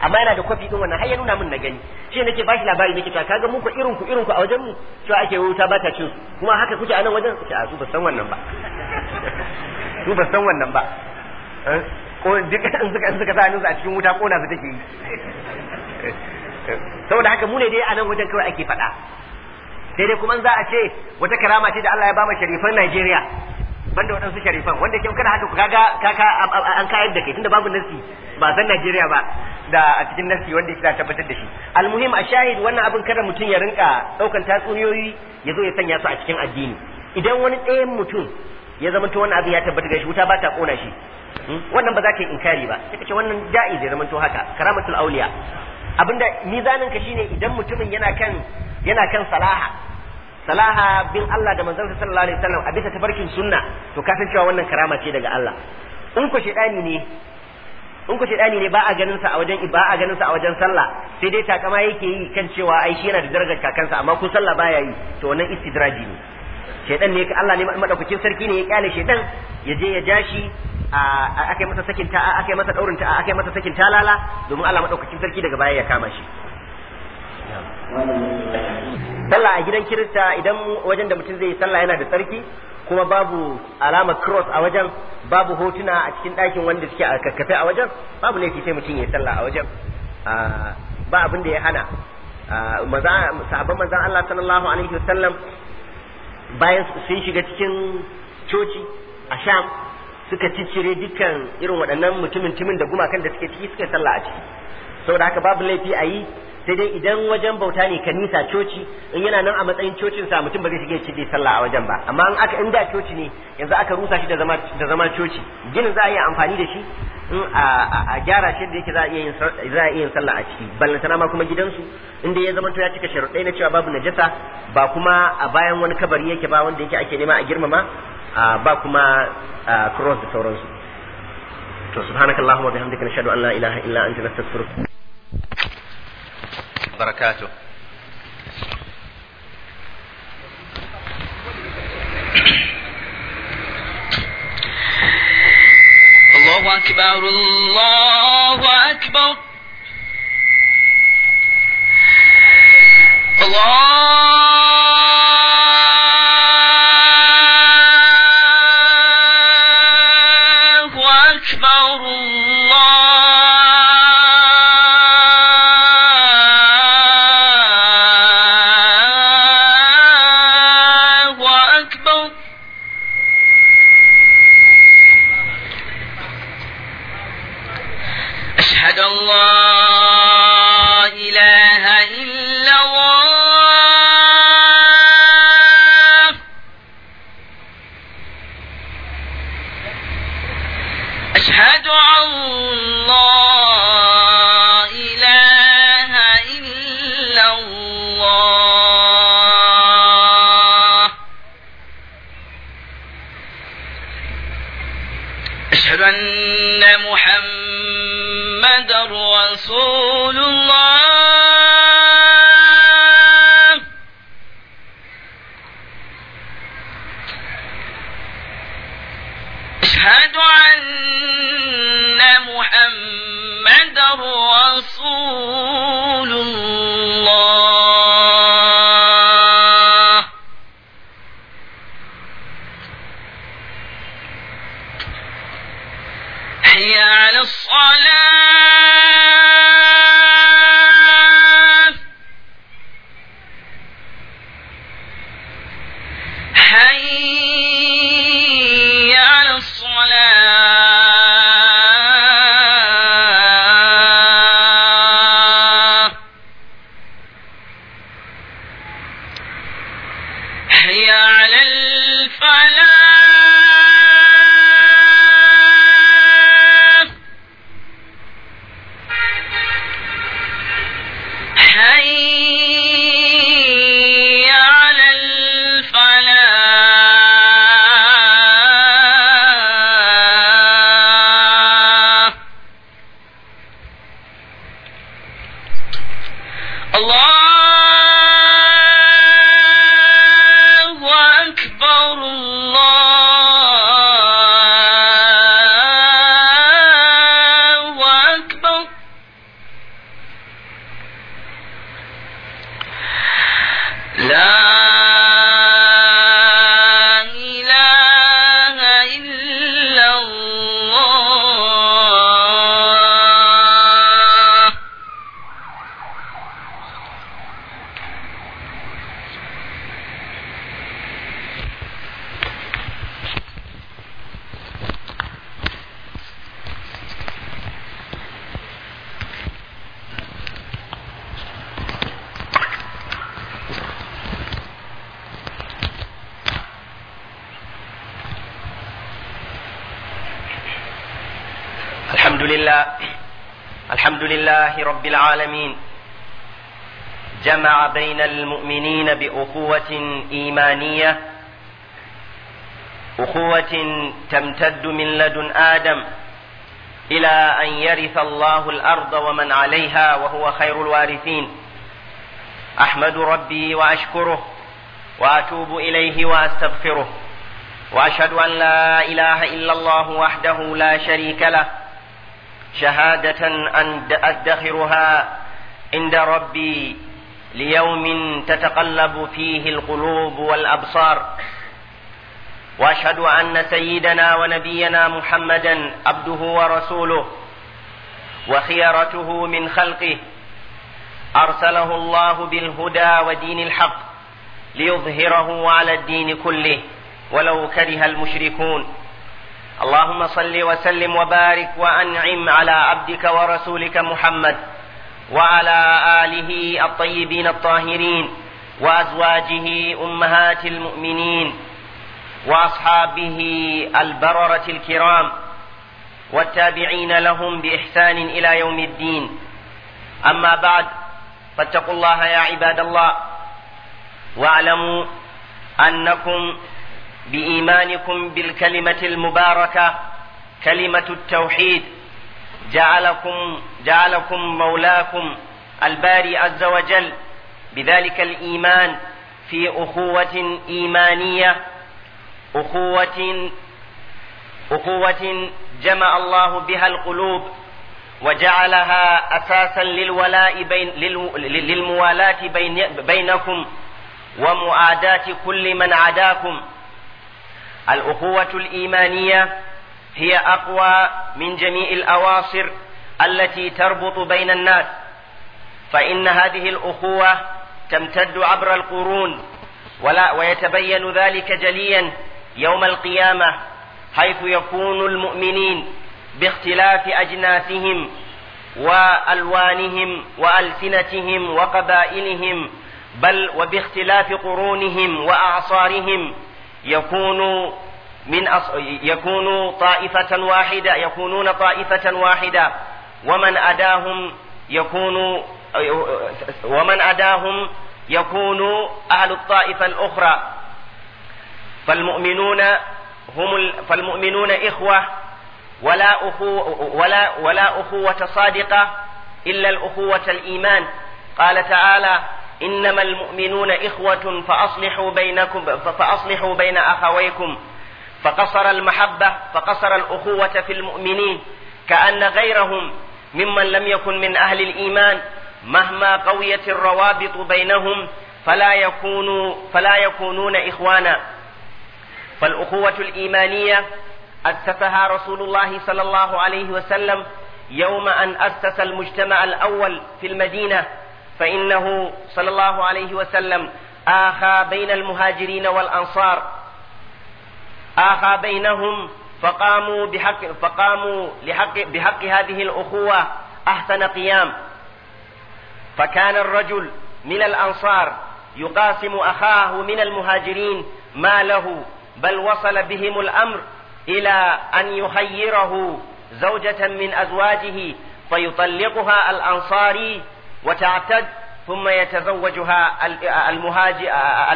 amma yana da kofi din wannan har ya nuna min na gani shi nake bashi labari nake ta kaga muku irin ku irin ku a wajen mu to ake wuta ba ta cin su kuma haka kuke a nan wajen ce a su ba san wannan ba su ba san wannan ba eh, ko duk in suka an suka sa a cikin wuta kona su take yi saboda haka mu ne dai a nan wajen kawai ake faɗa sai dai kuma za a ce wata karama ce da Allah ya ba mu sharifan Najeriya banda waɗansu sharifan wanda kin kana haka kaga kaka an kayar da kai tunda babu nasi ba san Najeriya ba da a cikin nasi wanda yake tabbatar da shi almuhim a shahid wannan abin kada mutum ya rinka daukan tatsuniyoyi ya zo ya sanya su a cikin addini idan wani ɗayan mutum ya zama to wani abin ya tabbatar da shi wuta ba ta kona shi hmm, wannan ba za ka yi inkari ba kika ce wannan da'i zai zama to haka karamatul auliya abinda mizanin ka shine idan mutumin yana kan yana kan salaha salaha bin Allah da manzon sallallahu alaihi wasallam a bisa tafarkin sunna to ka san cewa wannan karama ce daga Allah in ku shedani ne in ku shedani ne ba a ganin sa a wajen ba a ganin sa a wajen sallah sai dai takama yake yi kan cewa ai shi yana da darajar kakansa amma ko sallah baya yi to wannan istidraji ne shedan ne Allah ne madaukakin sarki ne ya kyale shedan ya je ya jashi a akai masa sakin ta a yi masa daurin ta aka masa sakin talala domin Allah madaukakin sarki daga baya ya kama shi sallah a gidan kirista idan wajen da mutum zai sallah yana da tsarki kuma babu alama cross a wajen babu hotuna a cikin ɗakin wanda suke a kakkafe a wajen babu laifi sai mutum ya sallah a wajen ah, ba abin da ya hana ah, sahabban manzan Allah sallallahu alaihi wasallam bayan sun shiga cikin coci a sham suka ciccire dukkan irin waɗannan mutumin timin da gumakan da suke ciki suka sallah a ciki saboda haka babu laifi a yi sai dai idan wajen bauta ne kanisa coci in yana nan a matsayin cocin sa mutum ba zai shige ci sallah a wajen ba amma in aka inda coci ne yanzu aka rusa shi da zama da zama coci ginin za a iya amfani da shi in a gyara shi da yake za a iya yin za a iya yin sallah a ciki ballantana ma kuma gidansu inda ya zamanto ya cika sharuɗai na cewa babu najasa ba kuma a bayan wani kabari yake ba wanda yake ake nema a girmama ba kuma cross da sauransu to subhanakallahumma wa bihamdika nashhadu an la ilaha illa anta nastaghfiruka وبركاته الله أكبر الله أكبر الله لله رب العالمين جمع بين المؤمنين باخوه ايمانيه اخوه تمتد من لدن ادم الى ان يرث الله الارض ومن عليها وهو خير الوارثين احمد ربي واشكره واتوب اليه واستغفره واشهد ان لا اله الا الله وحده لا شريك له شهادة أن أدخرها عند ربي ليوم تتقلب فيه القلوب والأبصار وأشهد أن سيدنا ونبينا محمدا عبده ورسوله وخيرته من خلقه أرسله الله بالهدى ودين الحق ليظهره على الدين كله ولو كره المشركون اللهم صل وسلم وبارك وانعم على عبدك ورسولك محمد وعلى اله الطيبين الطاهرين وازواجه امهات المؤمنين واصحابه البرره الكرام والتابعين لهم باحسان الى يوم الدين اما بعد فاتقوا الله يا عباد الله واعلموا انكم بإيمانكم بالكلمة المباركة كلمة التوحيد جعلكم جعلكم مولاكم الباري عز وجل بذلك الإيمان في أخوة إيمانية أخوة أخوة جمع الله بها القلوب وجعلها أساسا للولاء بين للموالاة بين بينكم ومعاداة كل من عداكم الأخوة الإيمانية هي أقوى من جميع الأواصر التي تربط بين الناس فإن هذه الأخوة تمتد عبر القرون ولا ويتبين ذلك جليا يوم القيامة حيث يكون المؤمنين باختلاف أجناسهم والوانهم والسنتهم وقبائلهم بل وباختلاف قرونهم واعصارهم يكون من أص... يكون طائفة واحدة يكونون طائفة واحدة ومن أداهم يكون ومن أداهم يكون أهل الطائفة الأخرى فالمؤمنون هم ال... فالمؤمنون إخوة ولا أخو ولا ولا أخوة صادقة إلا الأخوة الإيمان قال تعالى إنما المؤمنون إخوة فأصلحوا بينكم فأصلحوا بين أخويكم فقصر المحبة فقصر الأخوة في المؤمنين كأن غيرهم ممن لم يكن من أهل الإيمان مهما قويت الروابط بينهم فلا يكونوا فلا يكونون إخوانا فالأخوة الإيمانية أسسها رسول الله صلى الله عليه وسلم يوم أن أسس المجتمع الأول في المدينة فإنه صلى الله عليه وسلم آخى بين المهاجرين والأنصار آخى بينهم فقاموا بحق فقاموا لحق بحق هذه الأخوة أحسن قيام فكان الرجل من الأنصار يقاسم أخاه من المهاجرين ما له بل وصل بهم الأمر إلى أن يخيره زوجة من أزواجه فيطلقها الأنصاري وتعتد ثم يتزوجها المهاجر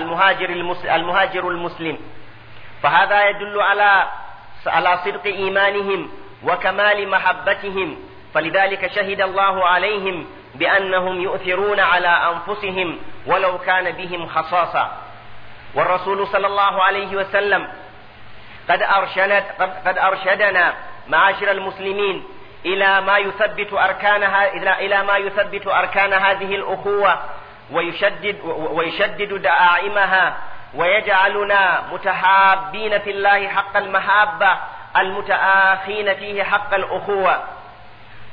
المهاجر المهاجر المسلم فهذا يدل على على صدق ايمانهم وكمال محبتهم فلذلك شهد الله عليهم بانهم يؤثرون على انفسهم ولو كان بهم خصاصه والرسول صلى الله عليه وسلم قد ارشدت قد ارشدنا معاشر المسلمين إلى ما يثبت أركانها إلى ما يثبت أركان هذه الأخوة ويشدد ويشدد دعائمها ويجعلنا متحابين في الله حق المحبة المتآخين فيه حق الأخوة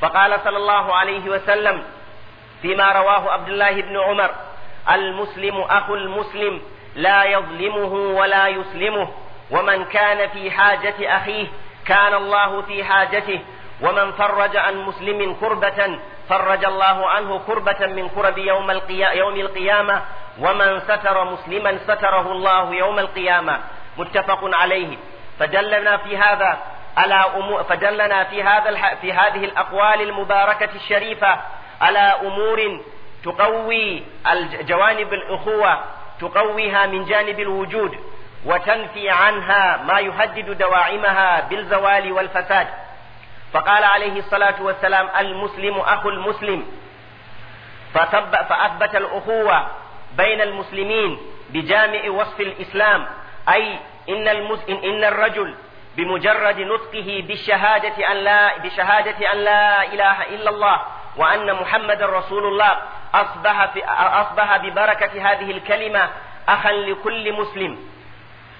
فقال صلى الله عليه وسلم فيما رواه عبد الله بن عمر المسلم أخو المسلم لا يظلمه ولا يسلمه ومن كان في حاجة أخيه كان الله في حاجته ومن فرج عن مسلم كربة فرج الله عنه كربة من كرب يوم, القيا يوم القيامة ومن ستر مسلما ستره الله يوم القيامة متفق عليه فدلنا في هذا على أمور فدلنا في هذا في هذه الأقوال المباركة الشريفة على أمور تقوي جوانب الأخوة تقويها من جانب الوجود وتنفي عنها ما يهدد دواعمها بالزوال والفساد فقال عليه الصلاة والسلام المسلم أخو المسلم فأثبت الأخوة بين المسلمين بجامع وصف الإسلام أي إن, المسلم إن الرجل بمجرد نطقه بشهادة أن لا بشهادة أن لا إله إلا الله وأن محمد رسول الله أصبح في أصبح ببركة هذه الكلمة أخا لكل مسلم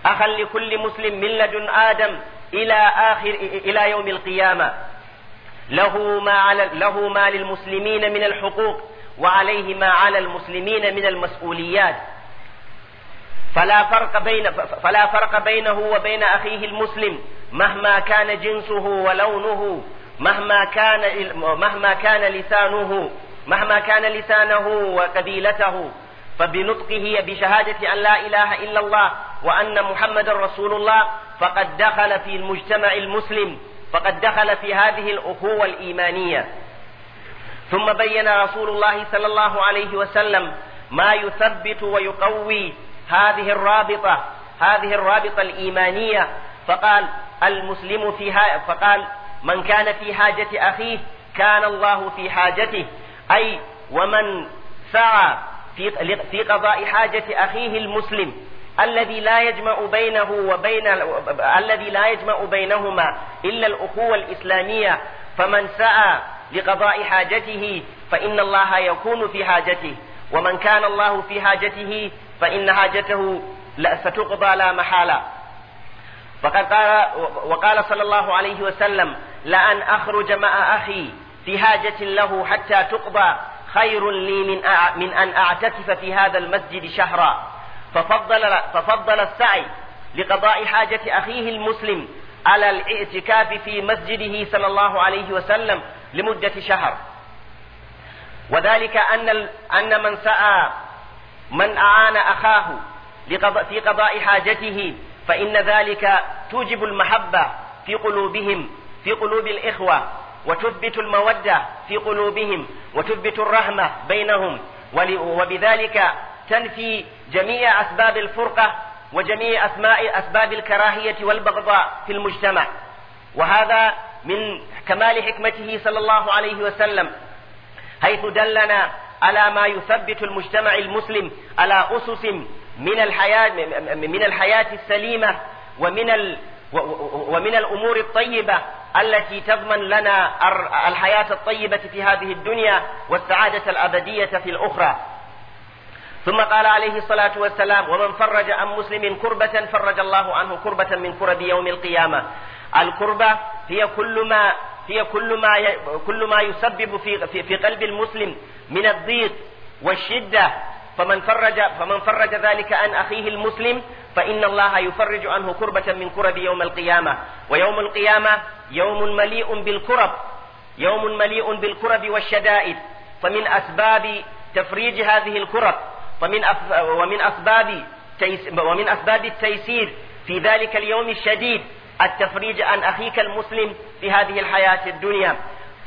أخا لكل مسلم من لدن آدم إلى آخر إلى يوم القيامة له ما على له ما للمسلمين من الحقوق وعليه ما على المسلمين من المسؤوليات فلا فرق بين فلا فرق بينه وبين أخيه المسلم مهما كان جنسه ولونه مهما كان مهما كان لسانه مهما كان لسانه وقبيلته فبنطقه بشهادة أن لا إله إلا الله وأن محمد رسول الله فقد دخل في المجتمع المسلم فقد دخل في هذه الأخوة الإيمانية ثم بين رسول الله صلى الله عليه وسلم ما يثبت ويقوي هذه الرابطة هذه الرابطة الإيمانية فقال المسلم فيها فقال من كان في حاجة أخيه كان الله في حاجته أي ومن سعى في في قضاء حاجة أخيه المسلم الذي لا يجمع بينه وبين الذي لا يجمع بينهما إلا الأخوة الإسلامية فمن سعى لقضاء حاجته فإن الله يكون في حاجته ومن كان الله في حاجته فإن حاجته ستقضى لا محالة فقد قال وقال صلى الله عليه وسلم لأن أخرج مع أخي في حاجة له حتى تقضى خير لي من من أن أعتكف في هذا المسجد شهرا ففضل ففضل السعي لقضاء حاجة أخيه المسلم على الاعتكاف في مسجده صلى الله عليه وسلم لمدة شهر وذلك أن أن من سعى من أعان أخاه في قضاء حاجته فإن ذلك توجب المحبة في قلوبهم في قلوب الإخوة وتثبت المودة في قلوبهم وتثبت الرحمة بينهم وبذلك تنفي جميع أسباب الفرقة وجميع أسماء أسباب الكراهية والبغضاء في المجتمع وهذا من كمال حكمته صلى الله عليه وسلم حيث دلنا على ما يثبت المجتمع المسلم على أسس من الحياة من الحياة السليمة ومن ومن الأمور الطيبة التي تضمن لنا الحياة الطيبة في هذه الدنيا والسعادة الأبدية في الأخرى ثم قال عليه الصلاة والسلام ومن فرج عن مسلم كربة فرج الله عنه كربة من كرب يوم القيامة الكربة هي كل ما هي كل ما كل ما يسبب في في قلب المسلم من الضيق والشدة فمن فرج فمن فرج ذلك عن اخيه المسلم فان الله يفرج عنه كربة من كرب يوم القيامة ويوم القيامة يوم مليء بالكرب يوم مليء بالكرب والشدائد فمن اسباب تفريج هذه الكرب ومن ومن اسباب ومن اسباب التيسير في ذلك اليوم الشديد التفريج عن اخيك المسلم في هذه الحياة الدنيا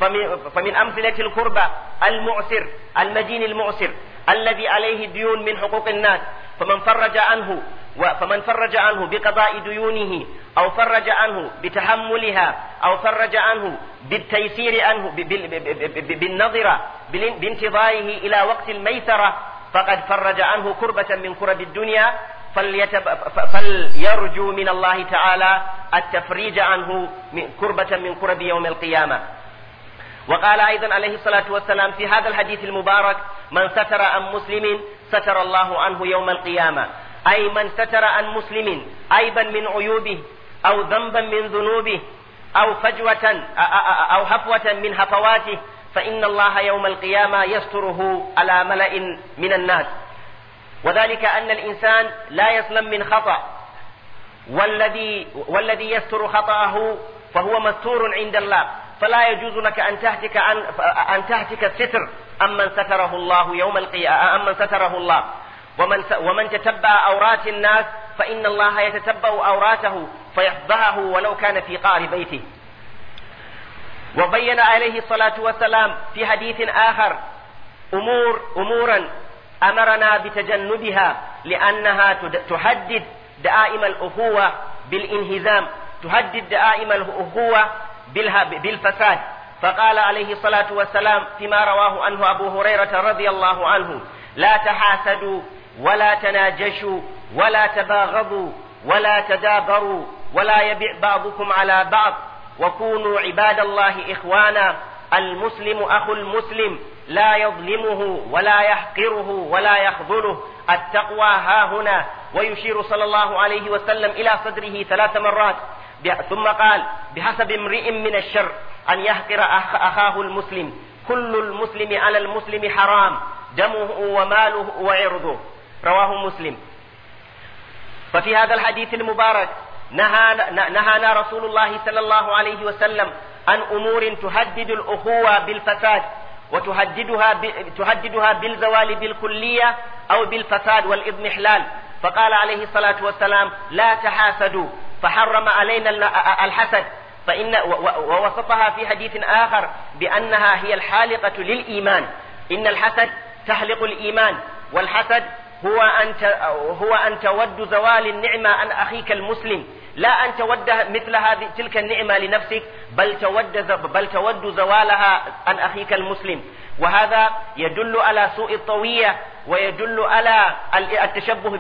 فمن, فمن أمثلة الكربة المعسر المدين المعسر الذي عليه ديون من حقوق الناس فمن فرج عنه فمن فرج عنه بقضاء ديونه أو فرج عنه بتحملها أو فرج عنه بالتيسير عنه بالنظرة بانتظاره إلى وقت الميسرة فقد فرج عنه كربة من كرب الدنيا فليرجو من الله تعالى التفريج عنه كربة من كرب يوم القيامة وقال أيضا عليه الصلاة والسلام في هذا الحديث المبارك من ستر عن مسلم ستر الله عنه يوم القيامة أي من ستر عن مسلم عيبا من عيوبه أو ذنبا من ذنوبه أو فجوة أو هفوة من هفواته فإن الله يوم القيامة يستره على ملأ من الناس وذلك أن الإنسان لا يسلم من خطأ والذي والذي يستر خطأه فهو مستور عند الله فلا يجوز لك أن تهتك عن أن تهتك الستر أمن ستره الله يوم القيامة أمن ستره الله ومن ومن تتبع أورات الناس فإن الله يتتبع أوراته فيحفظه ولو كان في قعر بيته وبين عليه الصلاة والسلام في حديث آخر أمور أمورا أمرنا بتجنبها لأنها تهدد دائم الأخوة بالانهزام تهدد دائم الأخوة بالفساد فقال عليه الصلاة والسلام فيما رواه عنه أبو هريرة رضي الله عنه لا تحاسدوا ولا تناجشوا ولا تباغضوا ولا تدابروا ولا يبع بعضكم على بعض وكونوا عباد الله إخوانا المسلم أخو المسلم لا يظلمه ولا يحقره ولا يخذله التقوى ها هنا ويشير صلى الله عليه وسلم إلى صدره ثلاث مرات ثم قال بحسب امرئ من الشر أن يحقر أخاه المسلم كل المسلم على المسلم حرام دمه وماله وعرضه رواه مسلم ففي هذا الحديث المبارك نهانا, نهانا رسول الله صلى الله عليه وسلم عن أمور تهدد الأخوة بالفساد وتهددها تهددها بالزوال بالكلية أو بالفساد والإضمحلال فقال عليه الصلاة والسلام لا تحاسدوا فحرم علينا الحسد فإن ووصفها في حديث آخر بأنها هي الحالقة للإيمان إن الحسد تحلق الإيمان والحسد هو أن هو أن تود زوال النعمة عن أخيك المسلم لا أن تود مثل هذه تلك النعمة لنفسك بل تود بل تود زوالها عن أخيك المسلم وهذا يدل على سوء الطوية ويدل على التشبه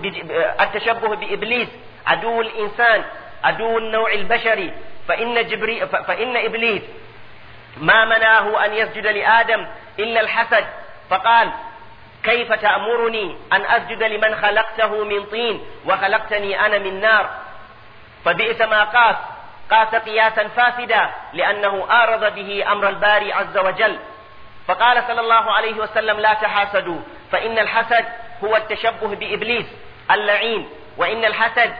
التشبه بإبليس عدو الإنسان عدو النوع البشري فإن, جبري فإن إبليس ما مناه أن يسجد لآدم إلا الحسد فقال كيف تأمرني أن أسجد لمن خلقته من طين وخلقتني أنا من نار فبئس ما قاس قاس قياسا فاسدا لأنه آرض به أمر الباري عز وجل فقال صلى الله عليه وسلم لا تحاسدوا فإن الحسد هو التشبه بإبليس اللعين وإن الحسد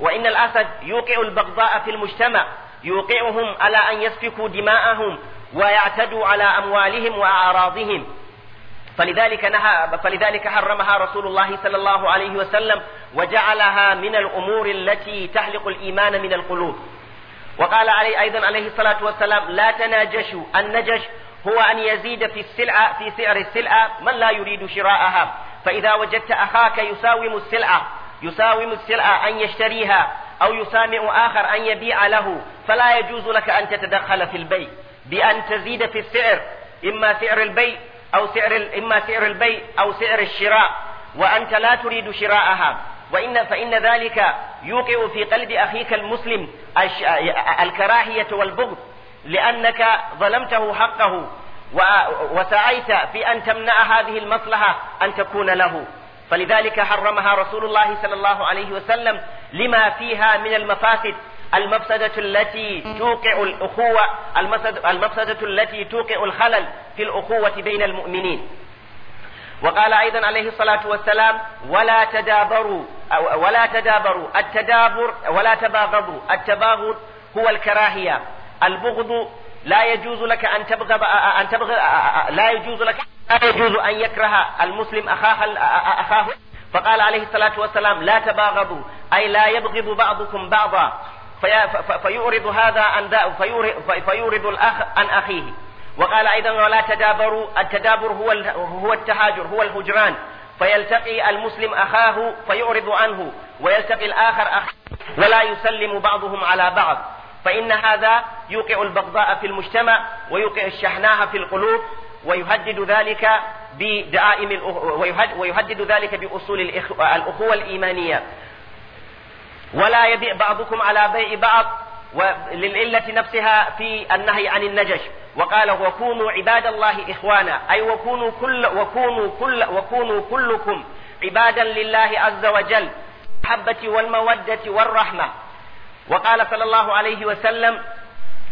وإن الأسد يوقع البغضاء في المجتمع يوقعهم على أن يسفكوا دماءهم ويعتدوا على أموالهم وأعراضهم فلذلك نهى فلذلك حرمها رسول الله صلى الله عليه وسلم وجعلها من الأمور التي تحلق الإيمان من القلوب وقال علي أيضا عليه الصلاة والسلام لا تناجشوا النجش هو أن يزيد في السلعة في سعر السلعة من لا يريد شراءها فإذا وجدت أخاك يساوم السلعة يساوم السلعة أن يشتريها أو يسامع آخر أن يبيع له فلا يجوز لك أن تتدخل في البيع بأن تزيد في السعر إما سعر البيع أو سعر إما سعر البيع أو سعر الشراء وأنت لا تريد شراءها وإن فإن ذلك يوقع في قلب أخيك المسلم الكراهية والبغض لأنك ظلمته حقه وسعيت في أن تمنع هذه المصلحة أن تكون له فلذلك حرمها رسول الله صلى الله عليه وسلم لما فيها من المفاسد المفسدة التي توقع الأخوة المفسدة التي توقع الخلل في الأخوة بين المؤمنين وقال أيضا عليه الصلاة والسلام ولا تدابروا ولا تدابروا التدابر ولا تباغضوا التباغض هو الكراهية البغض لا يجوز لك أن تبغض أن تبغض لا يجوز لك لا يجوز أن يكره المسلم أخاه, أخاه فقال عليه الصلاة والسلام لا تباغضوا أي لا يبغض بعضكم بعضا في فيعرض هذا عن فيورد الأخ عن أخيه وقال أيضا ولا تدابروا التدابر هو هو التهاجر هو الهجران فيلتقي المسلم أخاه فيعرض عنه ويلتقي الآخر أخاه ولا يسلم بعضهم على بعض فإن هذا يوقع البغضاء في المجتمع ويوقع الشحناء في القلوب ويهدد ذلك بدعائم ويهدد ذلك بأصول الأخوة الإيمانية ولا يبيع بعضكم على بيع بعض للعلة نفسها في النهي عن النجش وقال وكونوا عباد الله إخوانا أي وكونوا كل وكونوا كل وكونوا كلكم عبادا لله عز وجل بالمحبه والمودة والرحمة وقال صلى الله عليه وسلم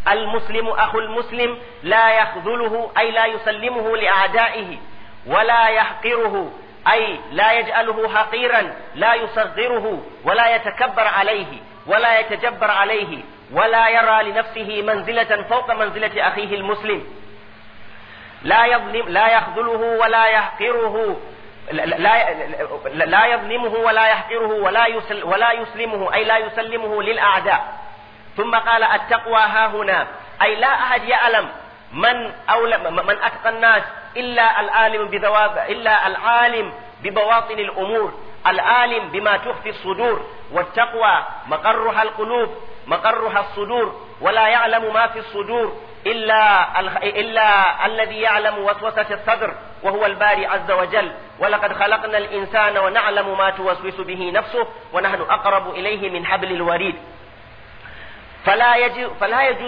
المسلم أخو المسلم لا يخذله أي لا يسلمه لأعدائه ولا يحقره أي لا يجعله حقيرا لا يصغره ولا يتكبر عليه ولا يتجبر عليه ولا يرى لنفسه منزلة فوق منزلة أخيه المسلم لا يظلم لا يخذله ولا يحقره لا لا يظلمه ولا يحقره ولا ولا يسلمه أي لا يسلمه للأعداء ثم قال التقوى ها هنا أي لا أحد يعلم من أو من أتقى الناس إلا العالم بذواب إلا العالم ببواطن الأمور العالم بما تخفي الصدور والتقوى مقرها القلوب مقرها الصدور ولا يعلم ما في الصدور إلا, إلا الذي يعلم وسوسة الصدر وهو الباري عز وجل ولقد خلقنا الإنسان ونعلم ما توسوس به نفسه ونحن أقرب إليه من حبل الوريد فلا يجوز فلا يجوز